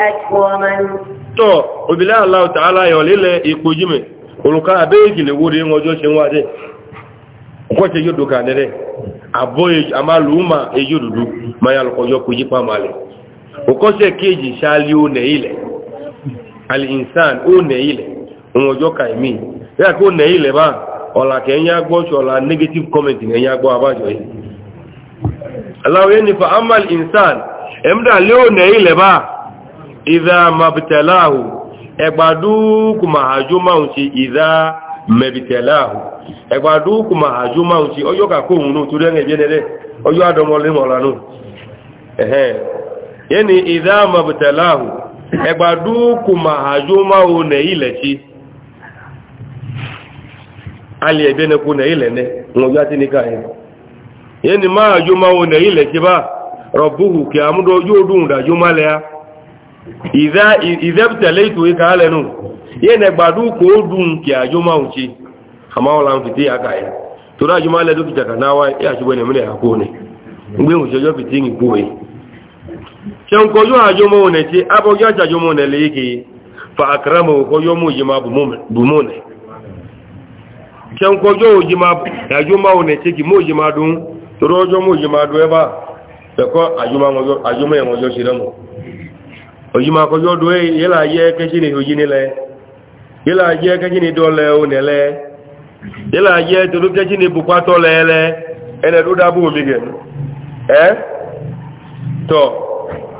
أكرمن tọ́ obìnrin aláwọ̀ tààlà ipò jímẹ̀ olùkọ́ àbẹ́yìkì lè wúrí wọn jọ ṣe wá dẹ̀ ọkọ̀ṣe yóò dùkà nẹ́rẹ̀ àbọ́ àmàlùmà èyí òdùdú ma yà lọ́kọ̀ yọ kò yípa màlẹ̀ ukose keji shali une ile al-insan une ile umojo kaimi ya ko une ile ba ola kenya gbo shola negative comment kenya gbo abajo yi Allah yani fa amma al-insan emda leo ne ile ba idha mabtalahu egbadu kuma hajuma unchi idha mabtalahu egbadu kuma hajuma unchi oyo ka ko unu turu nge bienele oyo adomo le mo lanu ehe yani idha mabtalahu ebadu kuma hajuma one ile chi ali ebene kuna ile ne ngoja atini kai yani ma hajuma one ile chi ba rabbuhu kiamdo jodunda jumalea idha idha btalaitu ikalenu yene gbadu ko dun ki hajuma uchi kama wala mfiti akai tura jumale dukitaka nawa ya chenko yo ajomo ne ti abo yo ajomo ne leki fa akramu ko yo mu yima bu mum bu mune chenko yo yima ajomo ne ti ki mu yima dun toro jo mu yima du eba te ko ajuma mo yo ajomo en yo siramo oyima le ye la ye ke chi ni do le o ne le ye ene do da eh? to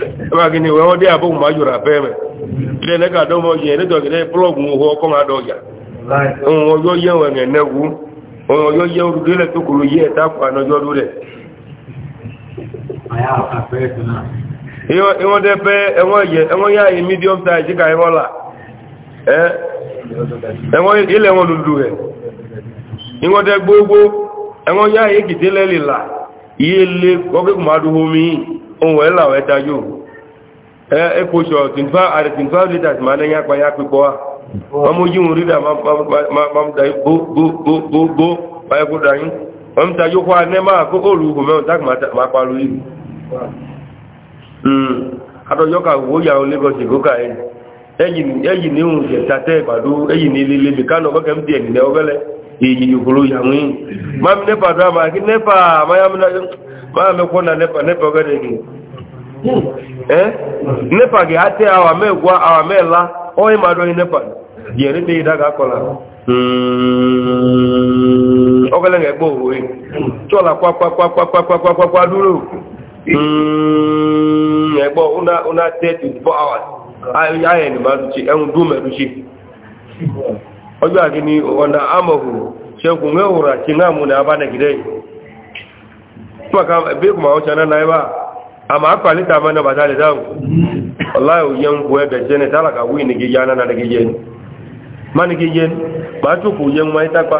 ebe gịnị wee ọdị dị abụ ma a jụrụ apa eme ide ne ka dọm ọjị ene dọgide plọgụ nwụhụ ọkọ ma ada ọja ọjọ ihe nwe na enegwu ọjọ ihe nrụdo ile ihe eta akwa n'ọjọ enweghị midiọm ka ọla e, ile enweghị e. ekite lelila ihe ọgụ homi ohun ẹ̀là ẹ̀ta yóò ẹ̀kọ́ṣọ́ 25 25 litres ma lẹ́yìn apá ya wọ́n mú wọ́n ta yóò kọ́ máa kó tá ma yìí wo lagos ní ìpàdó ní ilé máa mẹ́kọ́ na nẹ́pà ọ eh? hmm. hmm. eh, eh, na gẹ̀ ẹ́ nẹ́pà gẹ̀ àtẹ́ àwà mẹ́gbọ́ àwà mẹ́la ọ́yẹ́ máa dọ́yìn nẹ́pà yẹ̀rí tẹ́ ìdága kọ́la ọgọ́lẹ́gẹ̀ gbọ́ òwe tíọ́là kwakwakwakwakwakwakwakwa dúró ẹgbọ́ una tẹ́tù bọ́ àwà ayẹ̀ nìmọ̀lùsí ẹ̀hùn dúmẹ̀lùsí ọjọ́ ọhụrụ ọ̀nà àmọ̀hù mẹ́wùrà náà mú maka ebe kuma ọcha na naiba ama akpalita mana bata da damu wallahi oyen kuwa ga jene talaka wi ni giya na na giye ni ma ni giye ni ma tuku yen ma ita pa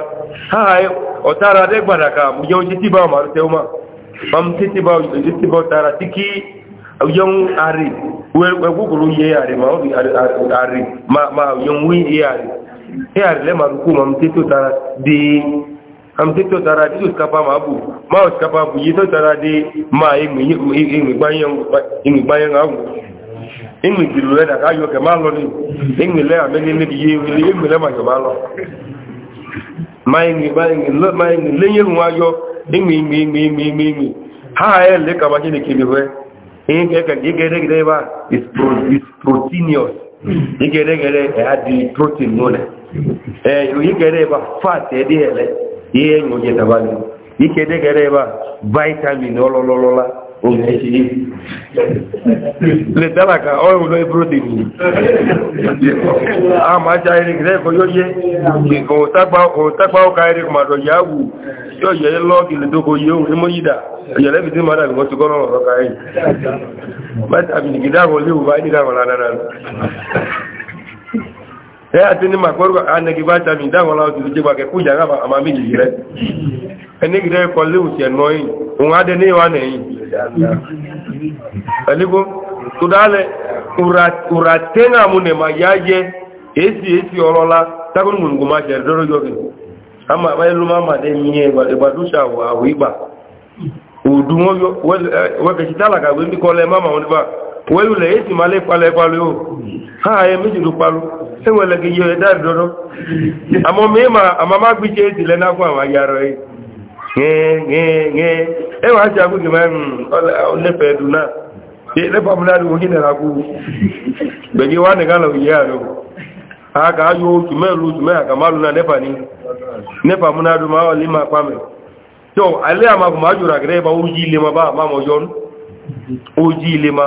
ha ha e, otara de gbada ka mu yen titi ba ma rute uma mam titi ba titi ba tara tiki we we guguru ye ari ma obi ari ma ma yen wi ye ari ye ari le ma ku mam titi di amte to tara di uskapa mabu ma uskapa bu yito tara di ma imi imi gbanyan imi gbanyan awu imi le da ka yo ke ma lo ni imi le ameni ni biye ma yo ma lo ma imi ba imi lo ma imi le ha e le ka ba ni ke bi we in ke ka ge ge e di protein no eh e di iye ń wòye tàbá ni ike dẹ́gẹ̀rẹ́ bá vitamin ọlọ́lọ́lọ́lá òun ẹ̀ ṣe lè dára kan ọ́ ìwòlọ́ protein a máa já eré gẹ̀rẹ́ kan yóò yẹ òtápá ọkà eré kan màdọ̀ yáwù yóò yẹ lọ́ọ̀kì lè dókò yóò rímọ́ yídà ìyẹ̀lẹ́bì tí mọ́dà lùmọ́ ti gọ́nà ọ̀rọ̀ káyì vitamin gidá wọlé òun bá nígbà wọn lára Eh, ati ni makoro anegi ah, ba ta mi da wala o ti je ba ke ku ja ga ma mi ji re eni gire eh, ko le uti eno yin un ade ni wa ne ma yaje esi esi orola ta ko mun goma je doro yo ke wa wi ba odu won yo wa mama won wẹ́lúlẹ̀ èsì máa lẹ́pàálẹ̀ pàálù yóò ha ẹ méjìlú pàálù ẹwẹ̀lẹ̀ kì yẹ ẹ̀dá ìdọ́dọ́ àmọ́ mẹ́mà àmàmá gbíṣẹ́ èsì lẹ́nà fún àwọn ayára ẹ̀ ẹwà àti agbègbè mẹ́rin lẹ́fẹ̀ẹ́ dùn náà lẹ́fà múlárì wọ́n na. lákú gbẹ̀gẹ́ wà nìkan lọ yẹ náà ilé ma bá àmàmọ̀ yọ́nú ó ilé ma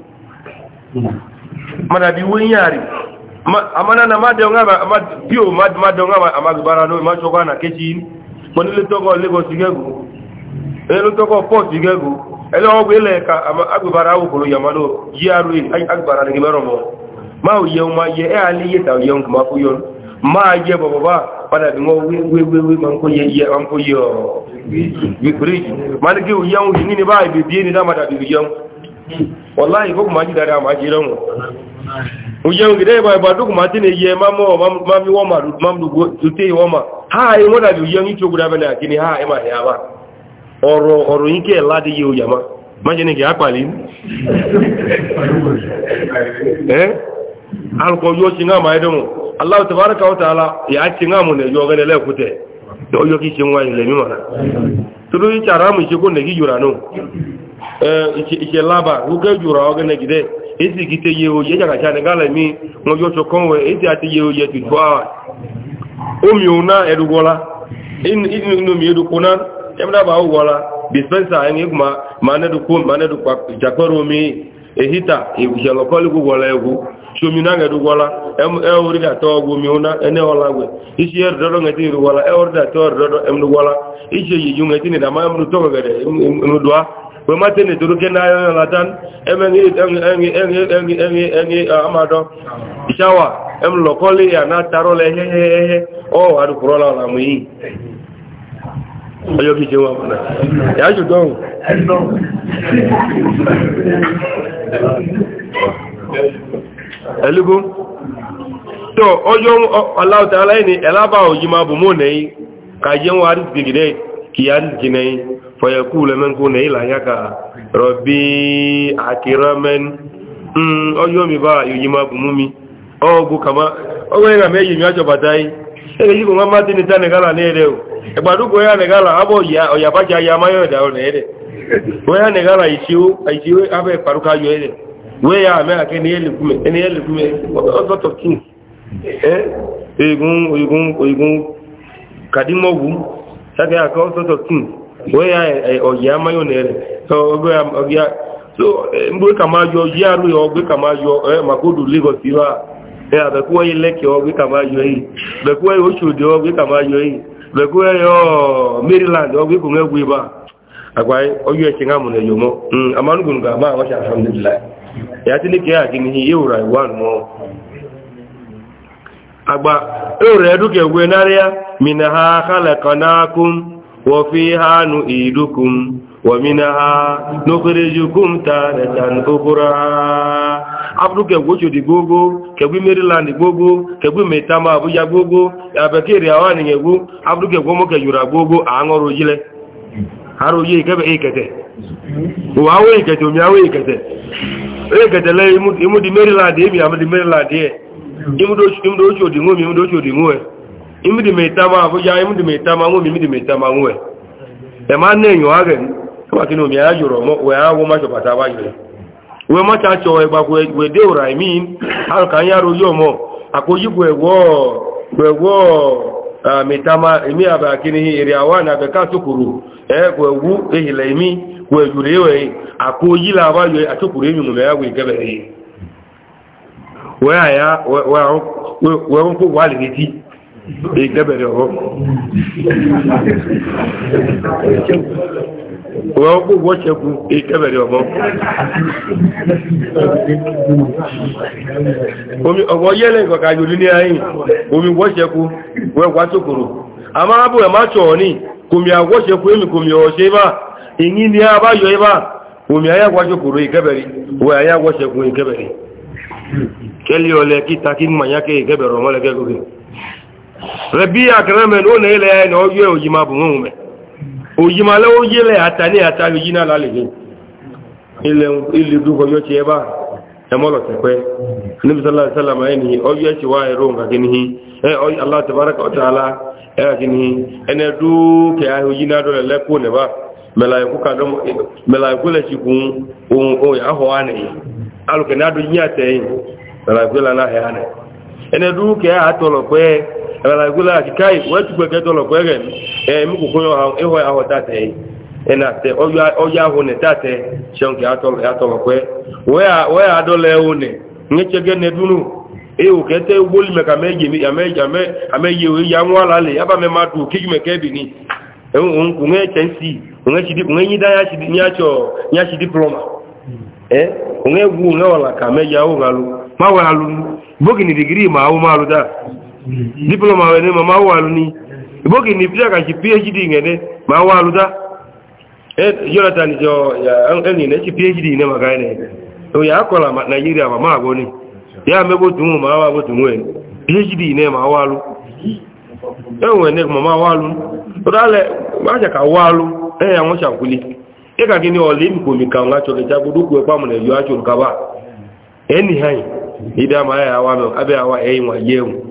mana bi won yari amana na made nga ba ma bio mad madonga ba amagbara no ma choga na kechin koni e, e, le togo le go sigego e lo togo po sigego e lo go ile ka agbara wo kulo yamalo yaru in agbara le gbaro mo ma o yeu ma ye e ali ye ta yeu ma fu yon ma ye bo baba pada bi ngo wi wi wi wi man ko ye ye am ko yo wi kuri man ge o yeu ni ni ba bi bi ni da ma da bi yeu wallahi ko kuma ji dare ma ji ran mu je ngi dai ba ba duk ma tine ye ma mo ma mi wo ma ma lu go tute wo ma ha e mo da ju ye ni chogu da bele akini ha e ma ya ba oro oro yin ke la di ye o yama ma je ni ke apali eh al ko yo singa ma edo mu allah tabaaraka wa ta'ala ya singa mu ne yo gane le kute do yo ki sinwa ile mi mana turu yi chara mu shi ko ne gi yuranu Eh, iche laba nwoke jụrụ ogene gide esi te ye oye ya kacha na gala mi nwoke ocho konwe esi ati ye oye tutu awa omi una edugwola inomi edukuna emdaba ugwola dispensa en eguma ma nedukwu ma nedukwa jakoro omi ehita ibuchelokoli gwugwola egwu somi na edugwola eorida ata ọgwụ omi una ene ola gwe we mate na etoroke na aya onye lata eeeeeee amado shawa ya na tarụla ehehehe ọ arụkwụrụla ọla ma iyi ọjọ́ kíje wọn mọ̀nà ìyájú dọ́rùn ẹlúgbó tó ọjọ́ aláwọ̀ta fọyẹkúlẹ̀ mẹ́kún ní ìlànyáka rọ̀bí àkìrọ́mẹ́n ọjọ́ mi bá yìí máa bù mú mi ọgbù kàmá ọgbù ẹ̀rà mẹ́yìn mi àjọ bàtà yìí ẹgbẹ̀ yìí kò máa máa tínítà nìgálà ní ẹ̀rẹ̀ o ẹgbàdúgbò ẹ̀rà nìgálà abọ́ ọ̀yàbájá ya máyọ̀dà ọ̀rẹ̀ ẹ̀rẹ̀ wẹ́yà nìgálà ìṣíwé abẹ́ ìparúkà yọ ẹ̀rẹ̀ wẹ́yà àmẹ́ àkẹ́ ní ẹ̀lẹ́kúnmẹ́ ọ̀sọ̀tọ̀ tún ẹ̀ ogun wee ya ọji e, amaghị onere so e, mgbe ka ma jụọ ji arụ ya ogbe ka ma jụọ e, maka odu legos ihu a ya bekwe ya leke ogbe ka ma jụọ ehi bekwe ya oche odi ogbe ka ma jụọ ehi bekwe ya maryland ogbe kụ egwu ibe a agwaghị onye eche nga mụrụ eyomo mm, amanugunu ga ama awacha alhamdulillah ya tinike ya gịnị ihe ewura iwu anụ ọrụ agba ya edu ka egwe narịa mina ha ha lekọ n'akụ. وفيها نؤيدكم ومنها نخرجكم تارة ha. abdu kegbo chudi gogo kegbo maryland gogo kegbo metama abuja gogo gogo angoro jile haro ye kebe ikete wa we ikete mi awe ikete ikete le imu di maryland e mi di maryland e imu do imu imu imidi metama abuja imidi metama nwomi imidi metama nwe ẹ̀má nẹ́yìn ọ̀hárẹ̀ níwàkí ní omi ayájòrò wẹ̀ áwọ́ máṣọ pàtà wáyé rẹ̀ wẹ́ máṣà ya ẹgbàgbẹ̀dé òrà ìmí alùkànyàrò yóò mọ́ àkójígbò ẹ̀wọ́ metama ìmí àbàkíní èrè àwọn àbẹ̀kásòkòrò ẹgbẹ̀wú ehìlẹ̀ ìmí bai gabere hom wọ́n kó wọ́ṣẹ́gun bai gabere omi ọ̀wọ́ yẹ́lẹ̀ ìkọ̀kà yòlú ní ayín omi wọ́ṣẹ́gun wọ́n wá a máa bú ẹ̀ má tọ̀ ní kòmì àwọ́ṣẹ́kún èmì kòmì ọ̀ṣẹ́ bá èyí ni a bá yọ ibá omi rebia kramen ọ na-ele na oye oyima bụ oyima le oye le ata oyi ala lehe ile ile dugo yo che ba emolo tekwe nabi sallallahu alaihi wasallam ayni oye ero e, e oy allah tabaaraka wa ta'ala e gini e ba melaiku ka do melaiku le chi kun ya ho ane alu na do ala gula akikai wetu kweke tolo kwege e mi ku koyo ha eho ya ho tate ena te oya oya ho ne tate shonke atolo atolo kwe we we adole une ngechege ne dunu e o kete mi ya nwala le aba me madu ke bi ni e un kunge chensi unge chidi unge ya chidi nyacho nyachi diploma e wala ka ma alu ni degree ma ma alu da Mm-hmm. diploma wene ma ma walu ni iboki ni pita ka phd ngene ma walu da e jonathan jo ya an ne ci phd ne ma ga ne ya kola ma nigeria ba ma go ni ya me go tumu ma wa go tun phd ne ma walu e we ma ma walu ma ja ka walu e ya mo sha e ka gini o ko ka nga cho ke ja ko e pa mo ne yo acho ka ba eni hai ida ma ya wa no e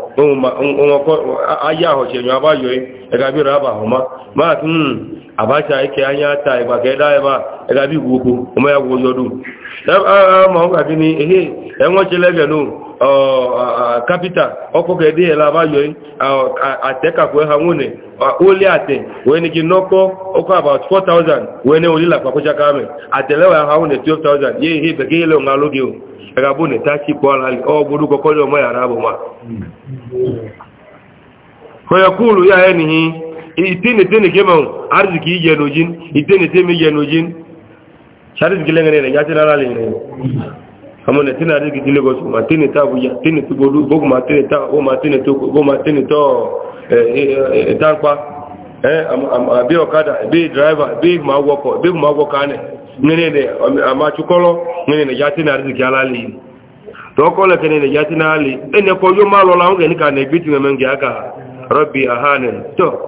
onwe ayé ahọ̀chẹ̀ ẹ̀yọ̀ abáyọ̀ ẹ̀gàbí rẹ̀ abàhùmá máa tún abacha ike anya ata ịgba ka ịda ịba ịgabi igwu okwu ụmụ ya gwụ yodu ma ọ ni ehe enwechile genu kapita ọkụ ka ede yela aba yoi atekakwe ha nwune oli ate wee ni gị nnọkọ about 4,000 wee ne olila kpakwụcha ka atelewa ha nwune 12,000 ye ihe bekee yele onwe alụ gị ịgabụ na tachi kpọọ ala ọ gburu kọkọrọ ọmọ itene tene kemau arziki yenojin itene teme yenojin sharis gilengene ne yati nala le ne kamo ne tina arziki tile go suma tene ta buya tene tu godu bogu ma tene ta o ma tene to go ma tene to e, eh tanpa eh abi okada bi driver bi ma woko bi ma woko ane nene ne ama chukolo nene ne yati na arziki ala le toko le kene ne yati na ali ene ko yo ma lo la ngi ka ne bitu me ngi aka rabbi ahanen to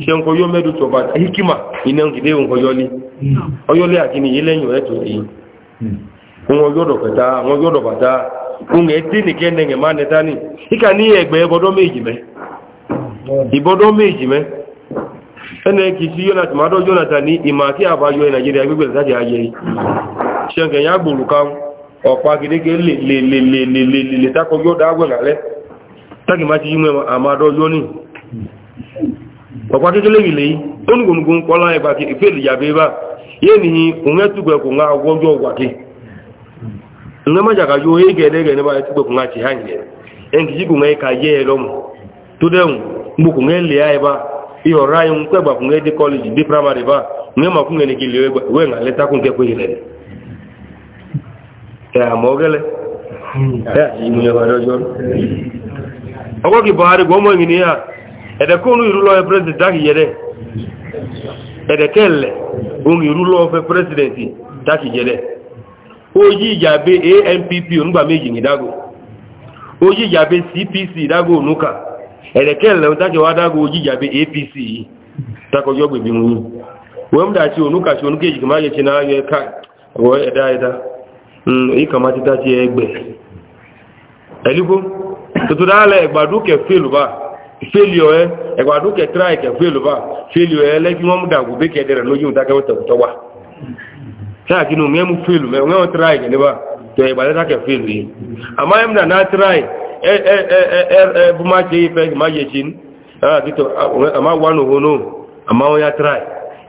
iṣẹ́ nǹkan yóò mẹ́dù tó bá ìkímà iná ìdé òǹkan yọ́lé ọyọ́lé àti ní ilẹ́yìn ẹ̀tọ́ èyí wọn yọ́dọ̀ pẹ̀ta wọn yọ́dọ̀ bàtá ohun ẹ̀tí nìkẹ́ ẹ̀nẹ̀gẹ̀mánẹ́tá ní ọkwa kekele gile onugonugo mkpọrọ anyị gbake ifeli ya bụ ebe a ihe nihi ihe onwe tugwekwu nwa agwọ ọjọọ gwa gị nne maja ka jụọ ị ga-ede ga-ede banye tugwekwu nwa chi ha nyere nke kwu nwe ka ye ere mụ tudenwu mgbukwu nwe lie anyị ba anyị nkwe gbakwu nwe dị kọleji dị praịmarị ba ma kwu nwere gili wee na letakwu nke kwe ya ma ogele ọgwọ gị bụgharị gwa ụmụ enyi ya ẹ̀dẹ̀kọ́nù ìrúlọ ẹ pírẹsidẹ̀ntì dákìyẹ́dẹ̀ ẹ̀dẹ̀kẹ́lẹ̀ ohun anpp onúgbà méjì ní dágò oyi ìjàbe cpc dágò onúkà ẹ̀dẹ̀kẹ́lẹ̀ dákẹwà apc yìí takọjọ́ gbèbí mú yìí wọ́n mú ti tuntun dáálẹ̀ fèlú báà failure ɛ ɛgba do kɛ try kɛ fail ba failure ɛ lɛbi wɔn mu da kɛ dɛrɛ o da kɛ wa saa kinu ŋɛ mu fail mɛ ŋɛ mu try kɛ ne ba tɔ ɛgba kɛ fail yi ama ɛmu na n'a try ɛ ɛ ɛ ɛ ɛ buma se yi fɛ ma yɛ aa ama wa no ho no ama ya try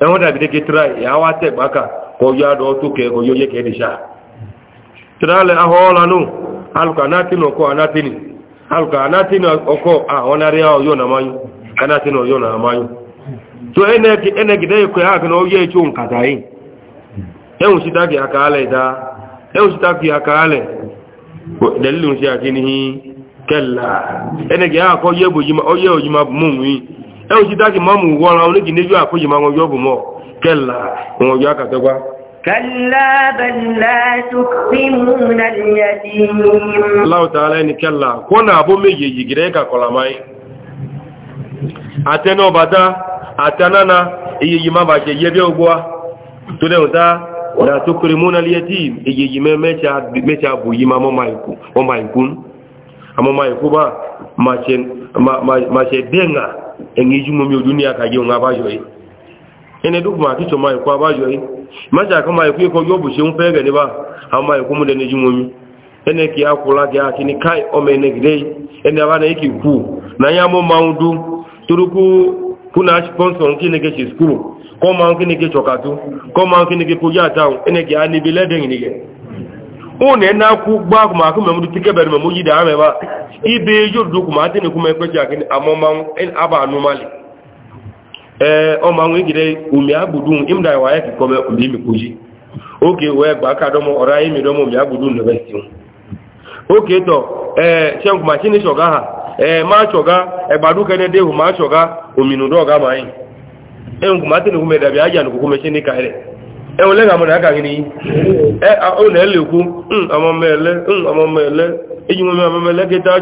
ɛmu dabi de ke try ya wa tɛ gba kan kɔ yɔ to kɛ yɛ kɛ de sa lɛ ahɔ la no n'a ti nɔ kɔ ti ni. alùkà anáti ní a ah, àwọn aríyá ọyọ́ na mayu anáti ní na mayu tó ẹnẹ́gidẹ́ ikọ̀ ya kìí ọyọ́ ètò nkàtà yìí ẹ̀hùn sí tàkì àkàálẹ̀ ìta ẹ̀hùn sí tàkì àkàálẹ̀ dẹ̀lìlù sí àti ní kẹlà ẹnẹ́gidẹ́ akọ́ ọyẹ́ òyìnbá mọ̀mù yìí ẹ̀hùn كلا بل لا تكرمون اليتيم الله تعالى ني كلا كنا ابو ميجي يغريكا كلاماي atẹnà bàtá àtànánà iyeyi má bàjẹ̀ yẹ́bẹ́ ogbóa tó lẹ́hùn tá na tó kiri múnà lẹ́tí iyeyi mẹ́ta bù yí ma mọ́mà ìkún àmọ́mà ìkún bá ma ṣe dẹ́ngà ene duk ma tuto ma ikwa ba joyi maja kama ikwe ko yobu shi n ga ba amma ikwu mu da ne jimomi ene ki akula ga kini kai o ene na iki ku na ya mo maundu turuku kuna sponsor kini ke shi school ko ma kini ma kini ke kuja tawo ene ki ani bilede na ku gba kuma kuma mu tike ber mu ji da ame ba ibe yo ma tini kuma ikwe ja kini amoma en ee eh, ọma nwe gide umi agbudun imda wa yake kome umi mi kuji oke gba aka domo ora imi domo umi agbudun no oke to eh chen kuma chini shoga ha O eh, ma shoga e gbadu ma shoga umi ma aja ga na o na leku mm amo mele mm amo mele eji mo mi amo mele ke ta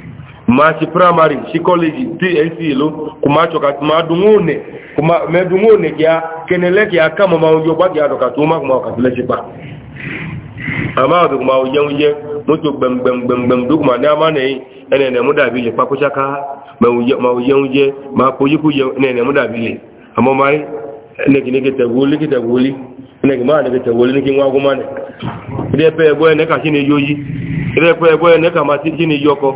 kumachi primary shi college tsc lo kumacho katuma ne, kuma ne, kia kenele kia kama maujo kwa kya katuma kuma wakatile chipa ama adu kuma uje uje mucho gbem gbem gbem gbem du kuma ne amane ene ne muda bile pa kuchaka ma uje ma uje uje ma poji kuje ne ne muda bile amo mai ne kini ke taguli ke taguli ne kuma ne ke taguli ne kinwa kuma ne ile pe egwe ne ka shine yoyi pe egwe ne ka ma yoko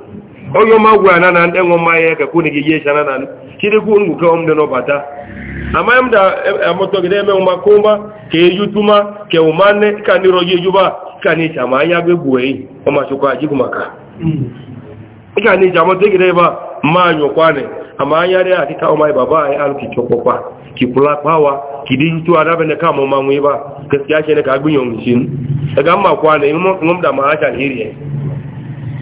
onye ọma gwe ana na ndị nwe mmanya ka kwun gị ge chana na chidekwu nguke omde n'ọbata amaghị m da amụtọgide eme ụma ka ụma ka ejutuma ka ụmanne ka ndị rọ gị ejuba ka na icha ma anya gbe gbuo ehi ọmachụkwa jikwu maka ịka na icha amụta gide ebe a ma anyụkwanị ama anya rị akịka ụma ịba ba anyị alụkichọkpọkwa kipụla kpawa kidi yutu adabene ka mụ manwụ ịba kesịa chene ka agbinyonwuchi ga mmakwa na ịmụmda ma ha chara irie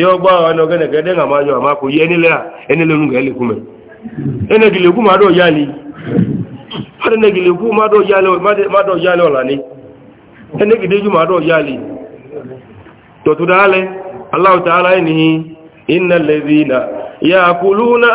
yóò gbọ́ àwọn ọ̀gẹ́nẹ̀gẹ́ dẹ́gà máa yọ àmákò yí ẹnilẹ́ ẹnilẹ́lúgà ẹlẹ́kú mẹ́ ẹnẹ́gìlẹ́kú máa dọ̀ yá ni ẹnẹ́gìlẹ́kú máa dọ̀ yá lẹ́ ọ̀là ni ẹnẹ́gìdéjú máa dọ̀ yá lẹ́ tọ̀tùdálẹ́ aláwọ̀tàálá ẹni iná lẹ́bìnà yàkùlúnà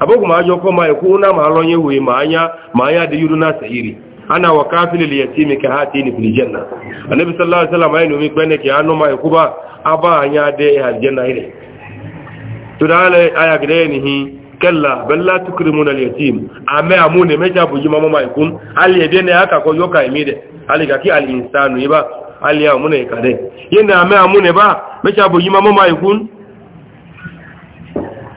abogu ma ajo ko ma ku na ma lonye we ma anya ma anya de yuru na sayiri ana wa kafil lil yatimi ka hatini fil janna annabi sallallahu alaihi wasallam ayinu mi bene ki anu ma ku ba aba anya de al janna ile to dale aya gideni hi kalla bal la tukrimuna al yatim ame amune me jabu jima mama ikun ali edene aka ko yoka imide ali ka ki al insanu iba ali amune kade yene ame amune ba me jabu jima mama ikun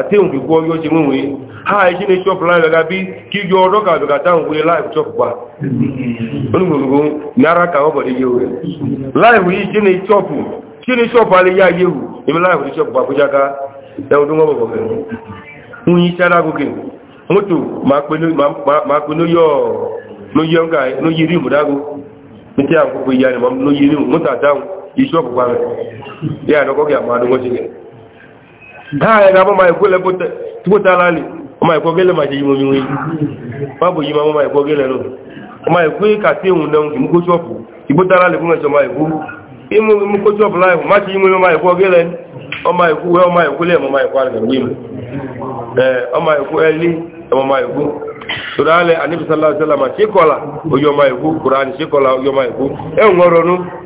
àti òun fi kú ọyọ́ ti múwé ha ìṣí ní ṣọ́pù láìlọ́gá bí kí yọ ọdọ́kà àdọ́gà táwọn wé láìpù ṣọ́pù pa onígbòmùgbò nára kàwọ́ bọ̀dé yóò rẹ̀ láìpù yìí ṣí ní ṣọ́pù ṣí ní ṣọ́pù alẹ́ yá yéhù èmi láìpù ní ṣọ́pù àpójáká ẹwọ́n tó wọ́n bọ̀ bọ̀ ń yí sára gòkè mọ́tò máa pe ló yí rí mùdágó ní tí àwọn kòkò ìyá rẹ̀ dáhùn iṣọ́pù pa rẹ̀ yá àmọ́ adógún gáà ẹ̀gá mọ́ máa ẹ̀kọ́ lẹ́kọ́ tíkótá aláàlì ọmọ ẹ̀kọ́ gẹ́lẹ̀ máa ṣe yíwọ́n yíwọ́n yìí yí ma ọmọ ẹ̀kọ́ gẹ́lẹ̀ lọ ọmọ ẹ̀kọ́ kàtí ìhùn náà kì mú kó ṣọ́ọ̀pù tíkótá aláàlì fún ẹ̀ṣọ́ ọmọ ẹ̀kọ́ gẹ́lẹ̀ ọmọ ẹ̀kọ́ ọmọ ẹ̀kọ́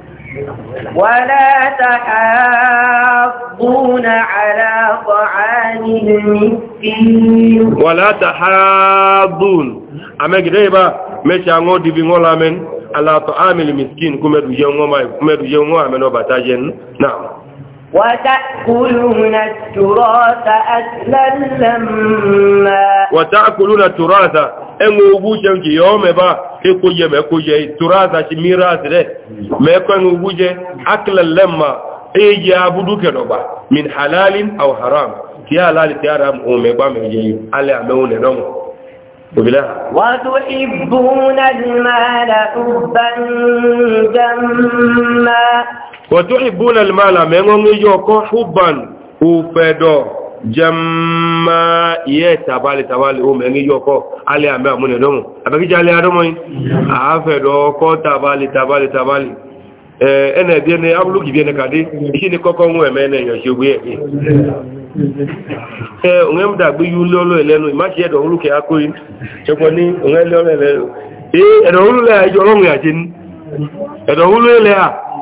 ولا تحاضون على طعام المسكين ولا تحاضون أما قريبا مشى عنو دبي مولا على طعام المسكين كمدو يوم وما كمدو يوم وما نوبة نعم وتأكلون التراث أكلا لما وتأكلون التراث ẹnu ogún jẹun kì yọ́ mẹ́bá kíkó jẹ mẹ́kó jẹ ìtùráàtà sí mírààtì rẹ̀ mẹ́kọ́ ẹnu ogún jẹ akílẹ̀lẹ́mà èyí abúdú kẹ̀dọ̀gbà min halalin aw haram kí halali tí ara ohun mẹ́gbà mẹ́jẹ alẹ́ àmẹ́hun lẹ́dọ́mù وبالله وتحبون المال حبا جما وتحبون المال من يوكو حبا وفدو جما يتبالي تبالي ومن يوكو علي أمي أموني دومو أبكي جالي أدومي أفدو كو تبالي تبالي تبالي ẹnà ẹ̀bí ẹni abúlùkì bí ẹni kàdé iṣẹ́ ni kọ́kọ́ ń wẹ̀mẹ́ ẹni ẹ̀yàn ṣe wúyẹ̀ ẹ òun ẹ̀mdà gbé yú lọ́lọ́ ẹ̀lẹ́nu ìmáṣẹ́ ẹ̀dọ̀ olùkẹ́ akóyí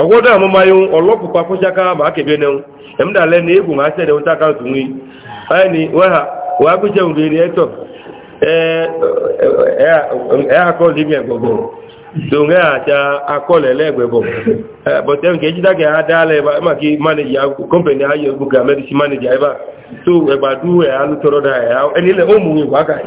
ọgwọdụ amụmanyụ ọlọpụkwa kwụchaka ma akebe nenwu emdala na egwu ha sere nwụta akaụntụ nwi anyị nwe ha wee gụche nwere eri etọ ee akọlụ ime gbogbo tonwe ha acha akọlụ ga ha daala maka maneja ha ga ebe a so ẹgbà ẹ̀ alútọ́rọ́ ẹ̀ ẹnilẹ̀ ó mú ìwà káyì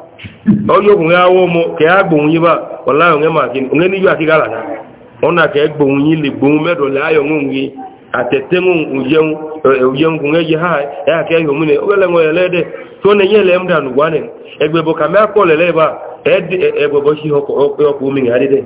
ọ òkùnrin awọ ọmọ kẹ á gbòhun yín bá ọ̀la ọ̀hún ẹ̀mà kí ọ̀hún ẹni yọ àti gàlà náà wọn náà kẹ gbòhun yín lè gbòhun mẹ́dọ̀lẹ́ ayọ̀ ń wí àtẹ̀tẹ̀ ń òjẹun kùn ẹ̀yẹ ha ẹ̀ àkẹ́ yọ̀ múnẹ̀ ó gẹ́lẹ́ wọn ẹlẹ́dẹ̀ tó ní yẹn lẹ́m dànù wá nẹ̀ ẹgbẹ̀bọ̀ kàmí akọ̀lẹ̀ lẹ́ba ẹgbẹ̀bọ̀ sí ọkọ̀ omi àdídẹ̀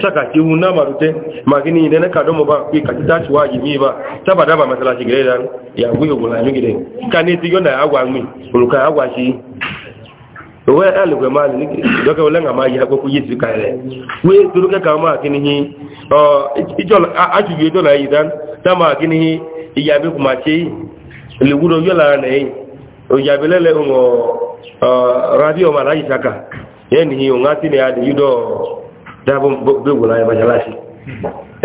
saka ki hunna marute magini ne na kado mu ba ki ka ta ci waji mi ba taba daba masala ci gire dan ya guyo gula mi gire ka ne ti yonda agwa mi ruka agwa shi we alu gbe ma ni do ka wala ma ya ko ku yesu ka re we duru ka ka ma kini hi o ijo aju ye do la yi dan tama kini hi iya bi kuma ci le wuro yola na yi o ya bi lele o radio ma la yi saka yen hi o ngati ne ade yudo dábọ̀ gbé wò láyé mọ́ṣáláṣí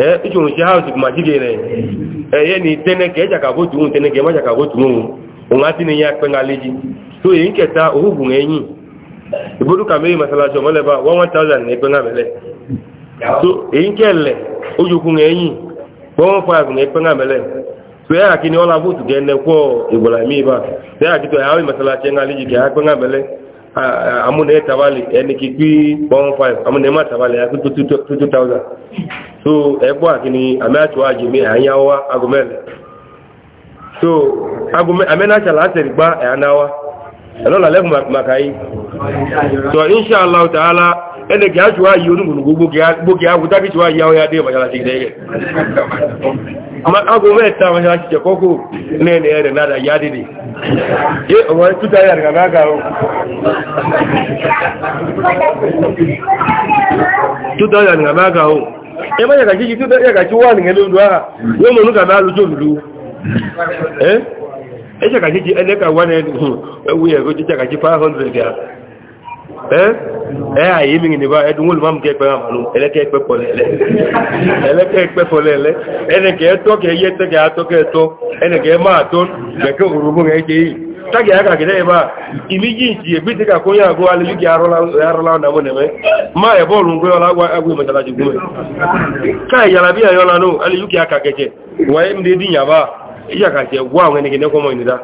ẹ ìṣòro ṣe house kò máa jíde rẹ ẹyẹ ni tẹnẹkẹ ẹ jàkàbó ma tẹnẹkẹ ka jàkàbó tùhún òun á ti ní ya pẹ́ ńlẹ́jì tó èyí kẹta òhùgùn ẹ̀yìn ìbódúkà méjì mọ́ṣáláṣí ọmọlẹ́bà one one thousand ní pẹ́ ńlẹ́mẹ́lẹ́ tó èyí kẹlẹ̀ ojúkùn ẹ̀yìn one five ní pẹ́ ńlẹ́mẹ́lẹ́ tó ẹ̀ àkíní ọlá bóòtù gẹ́ẹ́nẹ́kọ́ ìgbọ̀lá mi Ah, ah, amúnẹ tabali ẹni kíkí one five amúnẹ má tabali àti two two thousand so ẹgbọ́ àkíní àmẹ́àtò àjèmí àyànwá agomẹ́lẹ̀ so àmẹ́nàṣà látẹ̀rí gbá ẹ̀hánáwá ẹ̀lọ́là lẹ́kùn màkàáyí so inshallah ta'ala ene ki ajuwa yi onu munu gbogbo ki agun tabi ti wa yi awoya de masalasi ilẹ̀ ago mẹ́ta masalasi jẹ kọ́kọ́ nẹ́ẹ̀nẹ́ ẹ̀rẹ̀ náà ya dìde yé ọmọ túta yà rẹ̀ náà gàrún túta yà rẹ̀ náà gàrún ẹ má yàgà jíjí ẹlẹ́kà wà ẹwú ẹ̀rọ jíjàkàjí 500 yà ẹ́ àyè mi nìbá ẹdùn wọ́n lè máa mú kẹ́ẹ̀pẹ́ àmàlù ẹlẹ́kẹ́ ẹ̀pẹ́ pọ̀lẹ̀lẹ́ ẹlẹ́kẹ́ eto pọ̀lẹ̀lẹ́ ẹnìkẹ́ ẹ̀tọ́ kẹ́ yẹ́ tẹ́kẹ́ àtọ́kẹ́ ẹ̀tọ́ ẹnìkẹ́ máa tó tagi aka gida ba imiji ji ebi ti ka kunya go ali yugi arola na mo neme ma e bolu ngo yola agwa agwa masala ji gwe ka yala bi yola no yugi aka wa ba ìyàkàṣẹ wọ àwọn ẹnikẹ́ni kọ́mọ ìnira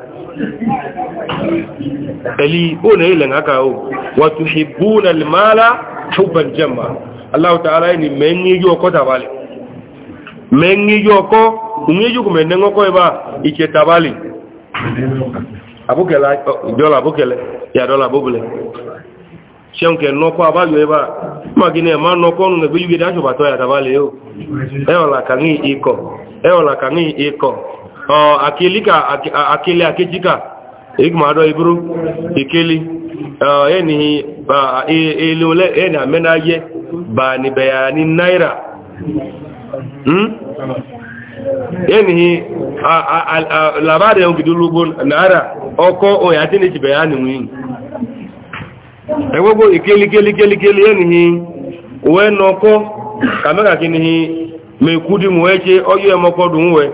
ẹ̀lì bóòlù ilẹ̀ ńkà o wàtú ìbúnà lèmọ́lá ṣùgbọ́n jẹ́mà aláwọ̀ta ara ẹni mẹ́ni yóò kọ́ tàbálì mẹ́ni yóò kọ́ òun yóò kọ́ mẹ́ni ọkọ́ ẹbá ìṣẹ́ tàbálì dọ́là àbúkẹ̀lẹ̀ yà dọ́là àbúkẹ̀lẹ̀ ṣẹ́unkẹ̀ nọ́kọ́ àbájọ ẹbá mọ́gínà ẹ̀má nọ́kọ́ nù ẹgbẹ́ yúgẹ́ dáṣọ̀bàtọ́ yà tàbálì yóò ẹ̀ ọ akilika akili akejika ikmado iburu ikeli eni ilule e, eni amenaye ba ni bayani naira hmm eni labari on gidulugo naira oko o ya tini ti bayani wi ewogo ikeli keli keli keli eni we noko kamera kini mekudi muweje oyo emoko dunwe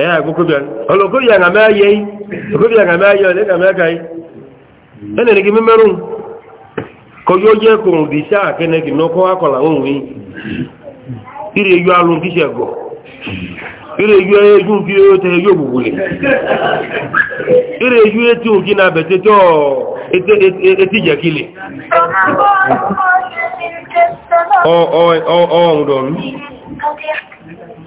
ẹ̀yà ìgbókòbíàn olùkóbíàn àmẹ́ ayé olùkóbíàn àmẹ́ ayé ọ̀lẹ́kà mẹ́ka yìí ẹnìyàn ní kí kọ yóò jẹ́ kò ń dìṣà kẹ́nẹ́kì náà kọ́ akọ̀là òun yìí ìrì eyu alùn kí ṣe gọ̀ ìrì eyu ẹyẹjú kí ó tẹ yóò bùbù lè ìrì eyu etí òun kí náà bẹ̀tẹ̀ tó etí jẹ́ kí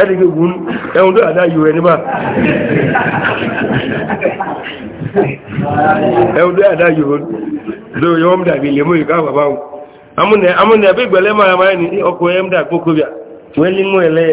ẹ̀rìgì gùn ẹ̀hùn tó àdá yìí rẹ̀ níbà ẹ̀hùn tó àdá yìí rẹ̀ ló yọ ọmọdé àbí lè mú ìká bàbá wọn amúnẹ̀ àbí ìgbẹ̀lẹ́ máa máa ní ọkọ̀ ẹ̀mdà kókó wọ́n mú ẹ̀lẹ́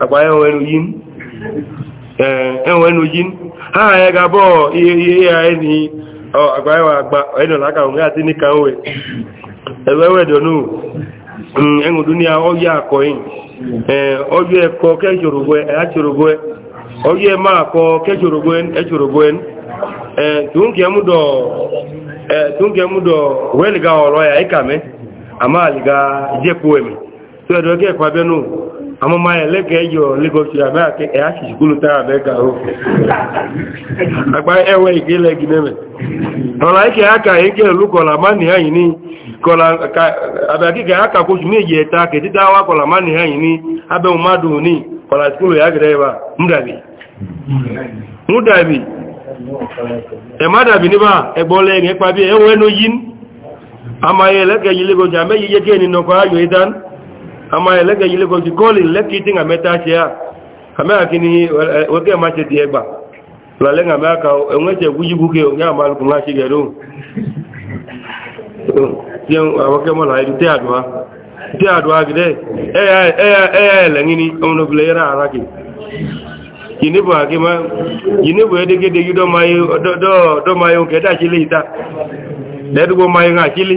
agba enwere ojin ha ha ya ga-abụ ihe ya enyi agba ewe agba ịnọ n'aka onwe ya tini ka nwe e ewewe donu enwudu ni ọyọ akọyin ọyọ ẹkọ kẹjọrọgwe ẹyàjọrọgwe ọyọ ẹmọ akọ kẹjọrọgwe e ẹjọrọgwe e tunke mudo weliga ọrọ ya ikame ama aliga jepu emi tí amụma ya ele ka eji Lagos ya mee aka e achịchi kwulu taa abịa ka ahụ akpa ewe ike ile gị n'eme ọla ike ya ka ike elu kọla mani ha yi ni kọla ka abịa kike ya ka kwụsị n'eji ete aka etite awa kọla mani ha yi ni abịa mmadụ ni kọla skulu ya gịrị ebe a mdabi mdabi ẹ̀mádàbí e níbà ẹgbọ́lẹ̀ e ẹ̀rìn e ẹpàbí ẹwọ́n ẹnu yìí a máa yẹ lẹ́kẹ̀ẹ́ yìí Lagos ya mẹ́yẹ jẹ́ kí ẹni nọkọ̀ ayọ̀ ìdán ama ẹlẹ́gẹ̀ yìí lẹ́gbọ́n ti kọ́ọ̀lì lẹ́kìí tí àmẹ́ta ṣe á kàmẹ́ra kí ni wẹ́kẹ́ máa ṣe ti ẹgbà lọ́lẹ́gbà máa ka ẹ̀wọ́n ẹ̀ṣẹ̀ gúgúgúgẹ́ ọ̀gá àmàlùkù máa ṣe gẹ̀rọ yìnbó àgbémá yìnbó ẹ́dẹ́gẹ́dẹ́ yìí dọ́mayọ́ kẹta sílé ìta lẹ́dùgbọ́ mayọ́ àṣílé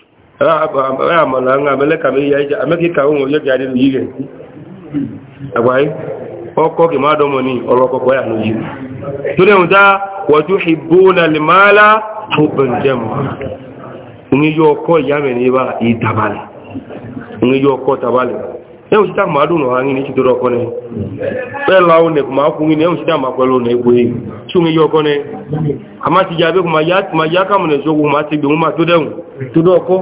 àmàlà ń àmẹ́lẹ́ kàmí ya ìjà àmẹ́kí kàwọn òun yóò jáde lóyí rẹ̀ sí àgbáyé ọkọ̀ kì máa ẹ̀hùn sí táàmà náà ní ṣe ní pẹ́lá máa ní ẹ̀hùn sí táàmà pẹ̀lú ọ̀nà tí a máa ti jẹ́ abẹ́kùn máa yá kàmùnẹ̀ máa ti gbẹ̀mú máa tó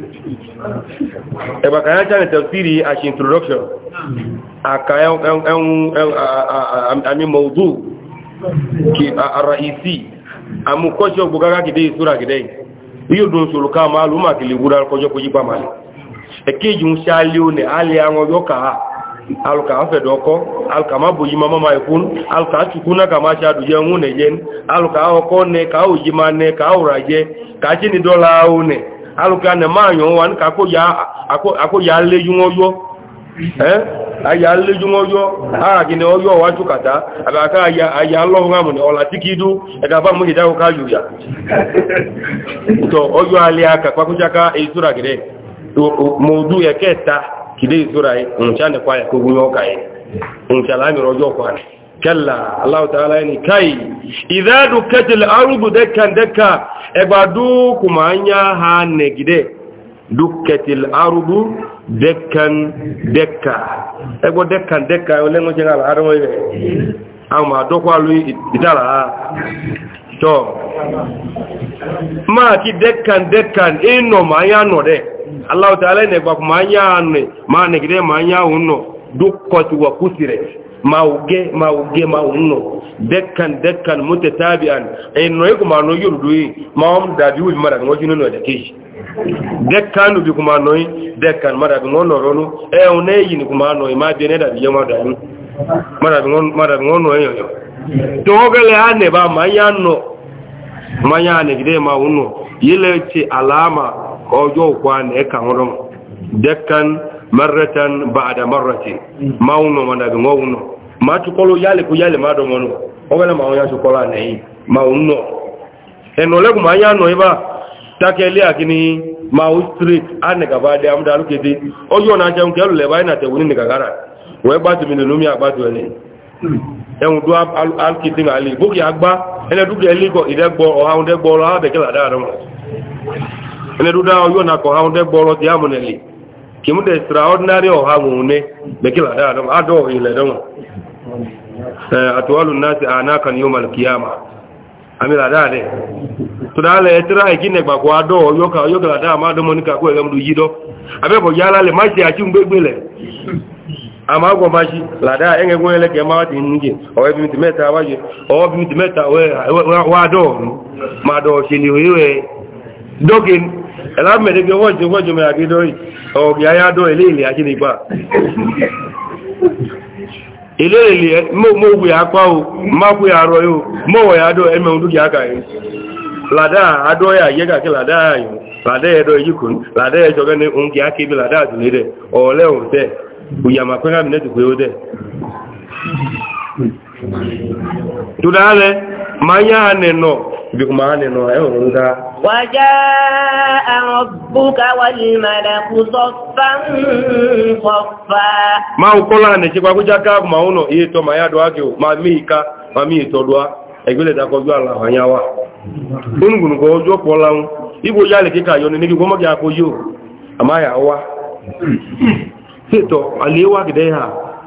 ẹgbà kàyà jáde tẹ̀síri àṣì introduction àkàyà àmì mọ̀ọ̀dù kí ara isi àmú kọ́ṣọ́ gbogbo kìdé ìṣúra gìdẹ́ yíò dùn ṣòro ká máa lùmà kìlì wúra kọjọ́ kó yípa máa ẹ̀kéjì ń ṣáálé ó nẹ̀ alẹ́ àwọn yọ́kà alùkà fẹ̀dọ̀ ọkọ́ alùkà má bò yí ma máa ìkún alùkà tukú náà kà máa ṣe nẹ̀ yẹn alùkà ọkọ́ nẹ kà ó yí ma nẹ kà ó ṣe ní dọ́là ó nẹ̀ alụka na máa anyụ nwa ka akụ ya leju ọyọ aya leju ọyọ aha gị na ọyọ ọwa chụkata aka aya aya alọghụ amụ na ọla tikidu gaba m gide akụkọ ayụ ya tọ ka aka kpakụchaka ezura gịrị ma udu ya keta kide ezura ya nwụcha nekwa ya kogunye ọka ya nwụchala amịrị ọjọọ kwa kalla Allah ta'ala yani kai idza dukatil ardu dakkan dakka ebadu kuma anya ha ne gide dukatil ardu dakkan dakka ego dakkan dakka ole ngo jenga ala armo ye ama do kwa lu itara to ma ki dakkan dakkan ino ma ya mauge mauge maunno dekkan dekkan mutatabi'an inno yiku ma no yurdu ma um dabi wi mara ngoji no da kishi dekkan bi kuma no dekkan mara bi ngono ronu e one yin kuma no ma bi ne da bi ma da mara bi ngon mara bi ngono e yo yo to gele ane ba ma ya no ma ya ne gide ma unno yele ci alama ojo kwa ne kan ron dekkan marratan ba'da marratin mauno managa ma matu kolo yale ku yale mado mono ogala mawo ya chokola nei mauno eno lego manya no iba takeli akini street ane na jam kelo le baina te wuni kagara we gbatu mi numi agbatu ele ehun do ali agba ene ko unde ha be ene na ko ha unde gboro ti amuneli kìmú dẹ̀ extraordinary ọ̀há wùnúné mẹ́kílà dáadọ́m adọ́ ìlẹ̀dọ́mù àtúwálù náà ti àánákan yóò malkiyama amílà dáadẹ́ tó dáalẹ̀ ẹ̀tẹ́rà ìgínẹ̀gbàkọ́ adọ́ yókàlá dáadọ́ adọ́mọ́ ní kàkó ẹ̀lẹ́mùdú yídọ́ abẹ́bọ̀ yálà lẹ̀ má ṣe àti gbégbélẹ̀ àmà àgbọ̀ bá ṣí làdá ẹgbẹ̀gbọ́n ẹlẹ́gẹ̀ẹ́ máa ti ní jẹ ọwọ́ bí mìtì mẹ́ta wáyé ọwọ́ bí mìtì mẹ́ta wá dọ̀ máa dọ̀ ṣe lè rí rẹ̀ dọ́gẹ̀ wọ́n jẹ́ wọ́n jẹ́ mẹ́ àgbẹ́dọ́ yìí ọ̀gbì ayádọ́ ilé ilẹ̀ ajínigbà ilé ilẹ̀ mọ́wé apá o mápé àrọ yóò mọ́wọ̀ yádọ́ ẹmẹ ohun dúkìá kàrí làdáà adọ́yà yẹ́gàkí làdáà yìí làdáà ẹ̀dọ́ yíkùn làdáà ẹjọ́gẹ́ ní oúnjẹ akébi làdáà tún lédẹ̀ ọ̀ọ́lẹ́ òun tẹ́ òyàmà pẹ́rámì nẹ́tù pé ó dẹ̀ tudale manya neno bikuma neno ayo eh, nda wajaa rabbuka wal malaku saffan saffa ma ukola ne chikwa kujaka kuma uno iye to mayado ake ma mika ma mi todwa egele da kojo ala wanyawa ungun ko ojo pola un ibo yale kika yo ni gbo mo ya kojo amaya wa sito alewa gide ha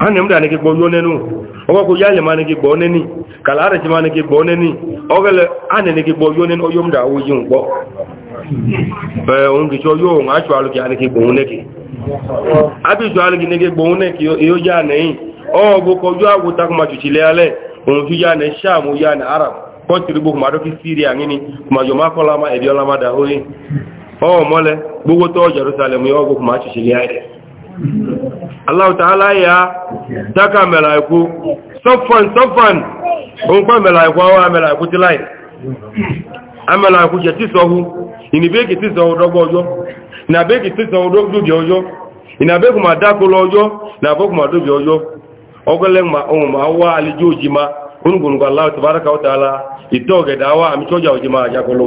an ne mutane ke gbo yone nu o ko ko yale ma ne ke gbo ne ni kala ara ti ma ne ke gbo ne ni o ke le an ne ne ke gbo yone o yom da wo yin gbo be on ki cho yo ma cho alu ki ane ke gbo ne ki abi jo alu ki ne ke gbo ne ki yo ja ne yin o bo ko jo awu ta ko ma chuchi le ale on ju ja ne sha mu ya ne arab ko ti ri bo ma do ki siria ngini ma yo ma ko la ma e bi o la ma da o yin o mo le bo to jerusalem yo go ma chuchi le ale Allah ta'ala ya taka melaiku soffan soffan on kwa melaiku wa melaiku ti lai amela ku je ti so hu ini be ki ti so dogo ojo na ki ti sohu dogo bi ojo ina be ku ma da ko lo ojo na bo ku ma do bi ojo ogole ma on ma wa ali joji ma ungun ko Allah ta'ala itoge dawa am choja oji ja ko lo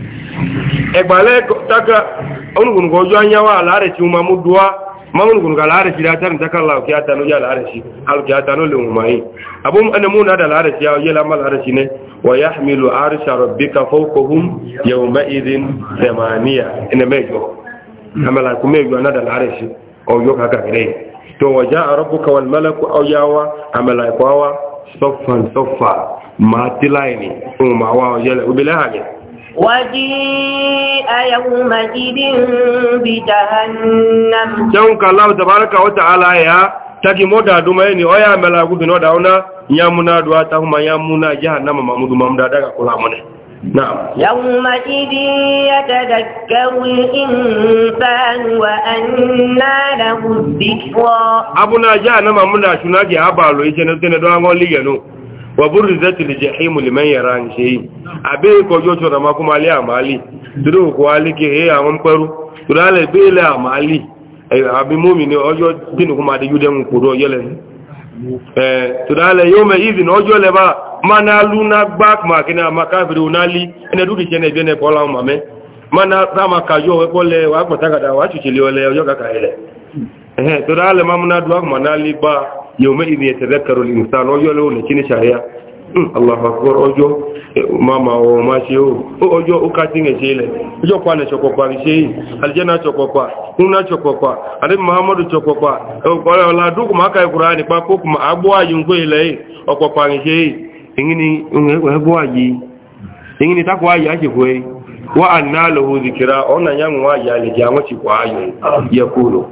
ẹgbàlẹ́ taka onugunka ọjọ́ anyáwà aláàrẹ̀ tí ó máa mú dúwá ma onugunka aláàrẹ̀ tí látàrí takàlá òkè àtànú yà aláàrẹ̀ sí alùkè àtànú lè wùn máyí abúm ẹnẹmú náà aláàrẹ̀ sí ayé lámà aláàrẹ̀ sí ní wà yá hamilu arìsàrọ̀ bí ka fọ́kọ̀hún yẹ̀wò mẹ́ìdín tẹ̀màníyà ẹnẹ mẹ́jọ amẹ́làkú mẹ́jọ náà aláàrẹ̀ sí ọjọ́ kàkàrẹ̀ tó wà já arọ́bù kawal mẹ́lẹ́kù ọyáwá amẹ́làkú wá sọ́fàn sọ́fà máa tíláìní fún màá wá ọyẹ́lẹ̀ obìnrin àgbẹ̀ وجيء يومئذ بجهنم جنك الله تبارك وتعالى يا taki moda dumaini oya mela gubi no dauna nyamuna duwa ta huma nyamuna jahannama mamudu mamda daga kula mune نعم يومئذ يتذكر الإنسان وأنى له الذكرى أبونا جاء نما منا شناجي أبالو يجنو تندوان غولي ينو وبرزت الجحيم لمن يران شيء ابي كوجو تشورا ما كما لي امالي درو كو علي كي هي اون برو ترال بي لا امالي ابي مؤمن اوجو دين كما دي يودن كودو يلن eh todale yome hivi ojo leba mana luna back mark na unali ene duki chene bene pola mana kama kayo we pole wa kotaka da wa chuchili ole ojo yawmaidhin yatadhakkaru al-insan ọjọ́ lọ́wọ́ ní kí ní ṣàyà allahu ọjọ́ mama o ma ṣe o ọjọ́ ó ká tíyẹ̀ ṣe ilẹ̀ ọjọ́ pa ní ṣọpọpa ṣe yìí aljanna ṣọpọpa nuna ṣọpọpa alẹ́bí muhammadu ṣọpọpa ọ̀pọ̀lọpọ̀ ọ̀làdúkù máa ka ìkùrá nípa kókù agbó ayé ni ẹgbó ayé ni tákù ayé àṣìkò yìí wọ́n àná lọ́wọ́ zikira ọ̀nà yàmù wáyé àlejò àwọn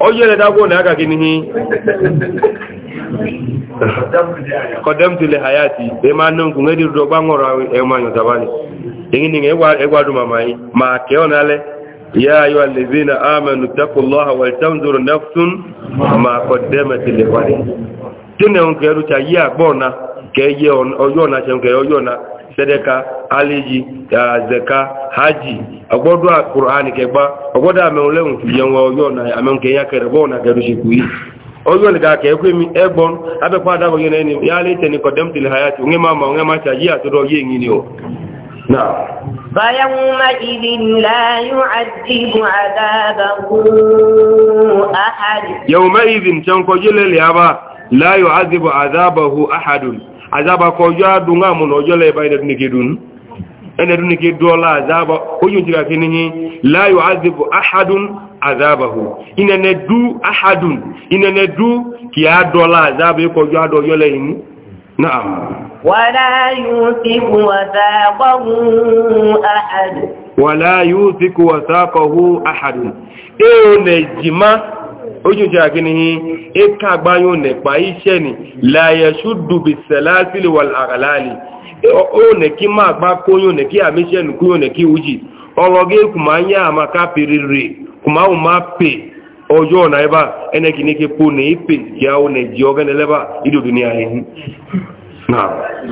oyere abụọ na aka gini ni kodamtu li hayati be ma nun ku ngedi do bangora e ma nyo tabani ni ngwa egwa du ma ke onale ya ayu allazina amanu taqullaha ma kẹ́yẹ ọjọ́ ọ̀nà ṣe ń kẹ́yẹ ọjọ́ ọ̀nà sẹ́dẹ́ka alẹ́jì zẹ̀ka hajj ọgbọ́dọ̀ àkùrán kẹgbá ọgbọ́dọ̀ àmẹ́wọ̀lẹ́wọ̀n fi yẹn wọn ọjọ́ ọ̀nà àmẹ́wọ̀kẹ́yà kẹrẹ̀bọ́ ọ̀nà kẹrù ṣe kú yìí ọjọ́ ọ̀nà kẹ́kẹ́ kú mi ẹgbọ́n abẹ́pá dábọ̀ yẹn ní yálẹ́ tẹ̀lé kọ̀dẹ́mtìlì hayati òun máa ma òun máa ṣàyí àtọ́dọ̀ yé yìí ni o. فيومئذ لا يعذب عذابه أحد يومئذ تنقل لليابا لا يعذب عذابه أحد azaba ko ya dunga mun ojo le bay de niki dun ene dun niki dola azaba ko yun jira kini la yu'azibu ahadun azabahu inene du ahadun inene du ki a dola azaba ko jo ado yo le yin na'am wala yusiku wasaqahu ahad wala yusiku wasaqahu ahad e o ne jima ojúṣe àkíníhí ẹka agbáyò nẹ̀pá iṣẹ́ ni láyẹ̀ ṣúdùbì sẹ̀láṣílì wà àkàláàlì ó nẹ̀ kí máa gbá kóyò nẹ̀ kí àmíṣẹ́ nù kúyò nẹ̀ kí wújì ọlọ́gẹ́ kùmá ń yá àmà káfìrí rè kùmá ò máa pè ọjọ́ ọ̀nà ẹbá ẹnẹ́kì ní kí pò ní ìpè jẹ́ jẹ́ ọgẹ́ lẹ́bà ìdòdó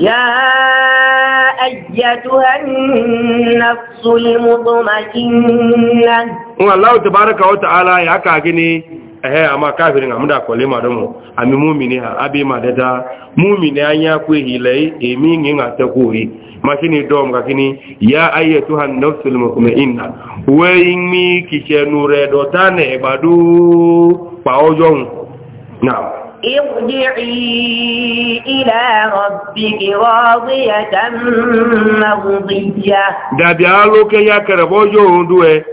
يا أيتها النفس المطمئنة والله تبارك وتعالى يا كاكني ehe ama kafiri nga muda kwale ma domo ami mumini ha abi ma dada mumini anya kwe hile emi ngi nga tekuri mashini dom ga kini ya ayyatuha nafsul mutma'inna we imi kishe nure dotane badu pa ojon na ارجعي إلى ربك راضية مرضية دابي ألوك يا كربوجو دوه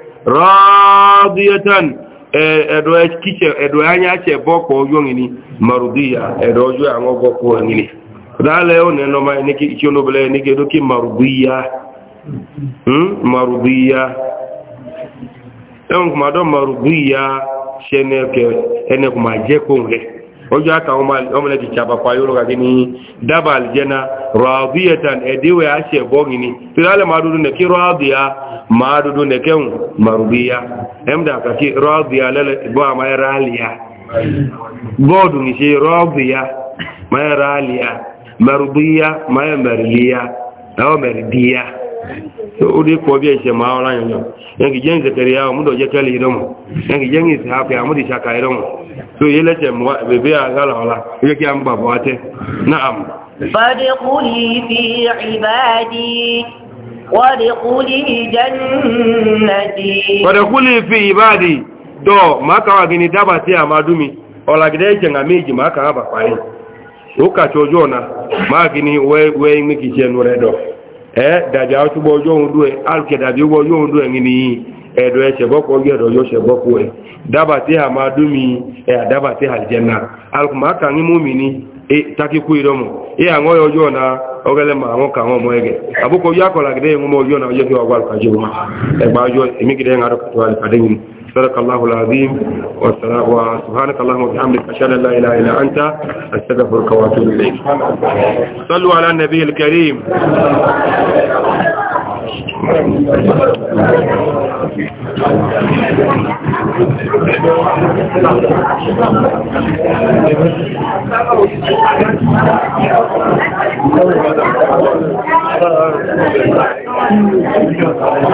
ẹ̀dọ̀ kíkẹ̀ ẹ̀dọ̀ anya kẹ bọ́ọ̀pọ̀ ọjọ́ ìní marubiya ẹ̀dọ̀ ọjọ́ àwọn ọgọ́kọ̀ ìní dáálẹ̀ ọ̀nà ẹnọmọ ẹnikí tí ó lóbẹ̀lẹ̀ ẹnikí ẹdókí marubiya marubiya ẹnukùnmọ̀dọ̀ ojú aka ọmọlẹ́ ti ṣàbàkwà yóò rọ̀gá ní dábà aljẹ́na rọ̀díyàtàn ẹ̀dẹ́wẹ̀ aṣẹ ẹ̀bọ́gì ni tó lálẹ̀ máa dúdú nẹ̀kí rọ̀díyà máa dúdú nẹ̀kẹ́hùn marubíyà ẹ̀mdà kàkí rọ̀díyà lẹ́lẹ̀ bọ́ àmà ẹ̀rọ àlìyà bọ́ọ̀dù ní ṣe rọ̀díyà máa ẹ̀rọ àlìyà yanki jen zakariya wa mudo jekali idomo yanki jen isi hafi amudi shaka idomo so yele ce bebe a gala wala yake an buwate ate na'am fadquli fi ibadi wadquli jannati wadquli fi ibadi do maka wa gini dabati amadumi olagide jenga meji maka aba kwani uka chojona wee we we ngiki chenure do ee dabi achụgba ọjọọ ndu alụke dabi ụgwọ ọjọọ ndu ngini yi edo echebọkwa oge edo yo chebọkwa dabate ha ma dumi e adabate ha aljanna alụkuma aka ngi mumini e takikwu iromo e na ogele ma anwo ka anwo ege gide na ọjọọ gị ọgwa alụka ma ọjọọ emigide صدق الله العظيم وسبحانك اللهم وبحمدك أشهد أن لا إله إلا أنت أستغفرك وأتوب إليك صلوا على النبي الكريم Thank you.